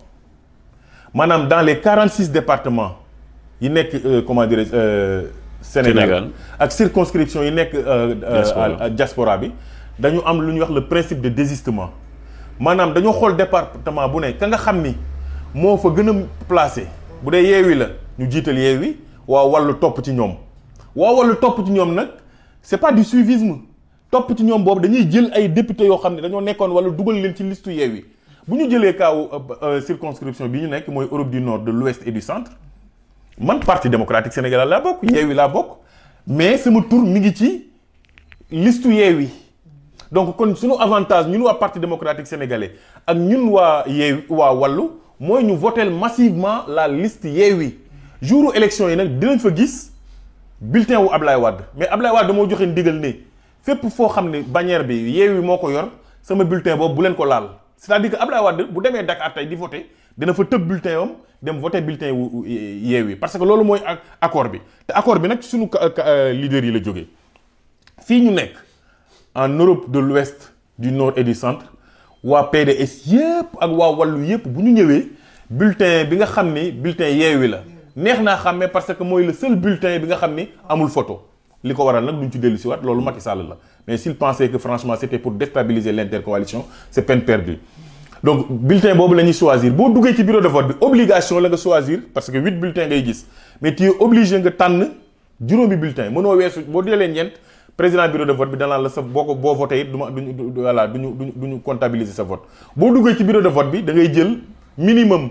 manam dans les 46 départements yi nek euh, comment dire, euh, Sénégal ak circonscription yi nek diaspora bi dañu am lu ñuy wax le principe de désistement manam dañu xol département bu ne ka nga xamni mo fa gëna placer placé bu dee Yewwi la ñu jiital Yewwi waa Wallu topp ci ñoom waa Wallu top ci ñoom nag c'est pas du suivisme top ci ñoom bob dañuy jël ay député yo xamné dañu dañoo nekkoon wala dugal leen ci liste Yewwi bu ñu jëlee kaaw euh, euh, circonscription bi ñu nekk moy Europe du Nord de l'Ouest et du Centre man Parti démocratique sénégalais la bok Yewwi la bok mais sama tur mi ngi ci listu Yewwi donc kon suñu avantage ñun wa Parti démocratique sénégalais ak ñun wa Yewwi wa Wallu moy ñu voter massivement la liste Yewwi où élection yi nag dinañ fa gis bulletin wu Ablaye wad mais Ablaye wad mo joxe ndigal ne fépp fo xamni bannière bi Yewwi moo ko yor sama bulletin bob bu len ko lal c'est-à-dire que Ablaye wad bu démé Dakar tey di voter dina fa teub bulletin yom dem voter bulletin wu parce que loolu mooy accord bi te accord bi nag suñu euh, leader yi la jógee fi ñu nek en Europe de l'Ouest du Nord et du Centre wa PDS yépp ak wa wàllu yépp bu ñu ñëwé bulletin bi nga xamni ni bulletin Yewwi la neex naa parce que mooy le seul bulletin bi nga xam ni amul photo li ko waral nag duñ ci dellu si waat loolu Macky Sall la mais s'il pensait que franchement c'était pour déstabiliser l'intercoalition c'est peine perdue donc bulletin boobu la ñuy choisir boo duggee ci bureau de vote bi obligation la nga choisir parce que huit bulletins ngay gis mais tu es obligé nga tànn juróomi bulletin mënoo weesu boo deelee ñeent président bureau de vote bi danaa la sa boo ko boo voté it du ma duñu voilà duñu comptabiliser sa vote boo duggee ci bureau de vote bi da ngay jël minimum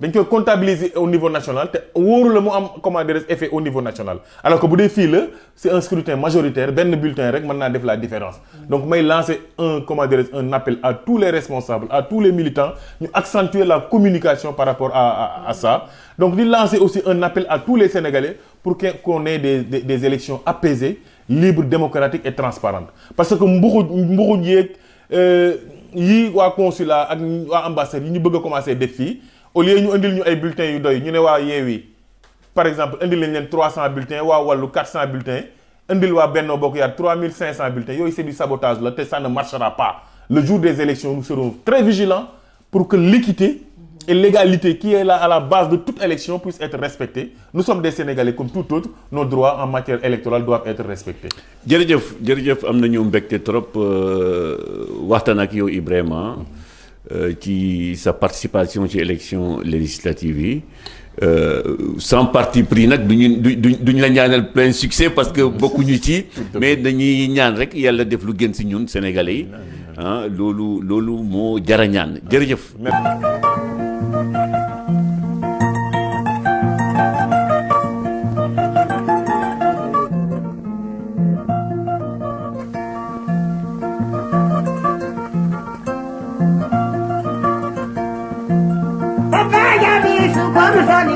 dañ koy comptabiliser au niveau national te wóoru la mu am comment effet au niveau national alors que le défi, c'est un scrutin majoritaire benn bulletin rek mën def la différence donc may lancer un comment un appel à tous les responsables à tous les militants ñu accentuer la communication par rapport à ça donc il lancer aussi un appel à tous les Sénégalais pour qu'on ait des, élections apaisées libres démocratiques et transparentes parce que beaucoup mbuxuj yeeg euh, yii waa consulat ak waa ambassade yi ñu bëgg commencer au lieu ñu y ñu ay bulletins yu doy ñu né par exemple 300 bulletins 400 bulletins andil wa Benno Bokk ya 3500 bulletins c'est du sabotage ça ne marchera pas le jour des élections nous serons très vigilants pour que l'équité et l'égalité qui est à la base de toute élection puisse être respectée nous sommes des Sénégalais comme tout autre nos droits en matière électorale doivent être respectés. jërëjëf jërëjëf trop euh, ak Ibrahima. Euh, qui sa participation aux élections législatives euh, sans parti pris nak duñ duñ la plein succès parce que beaucoup ñu ci mais dañuy ñaan rek yalla def lu gën ci ñun sénégalais hein ah, lolu lolu mo moo jara ñaan jërëjëf Notice I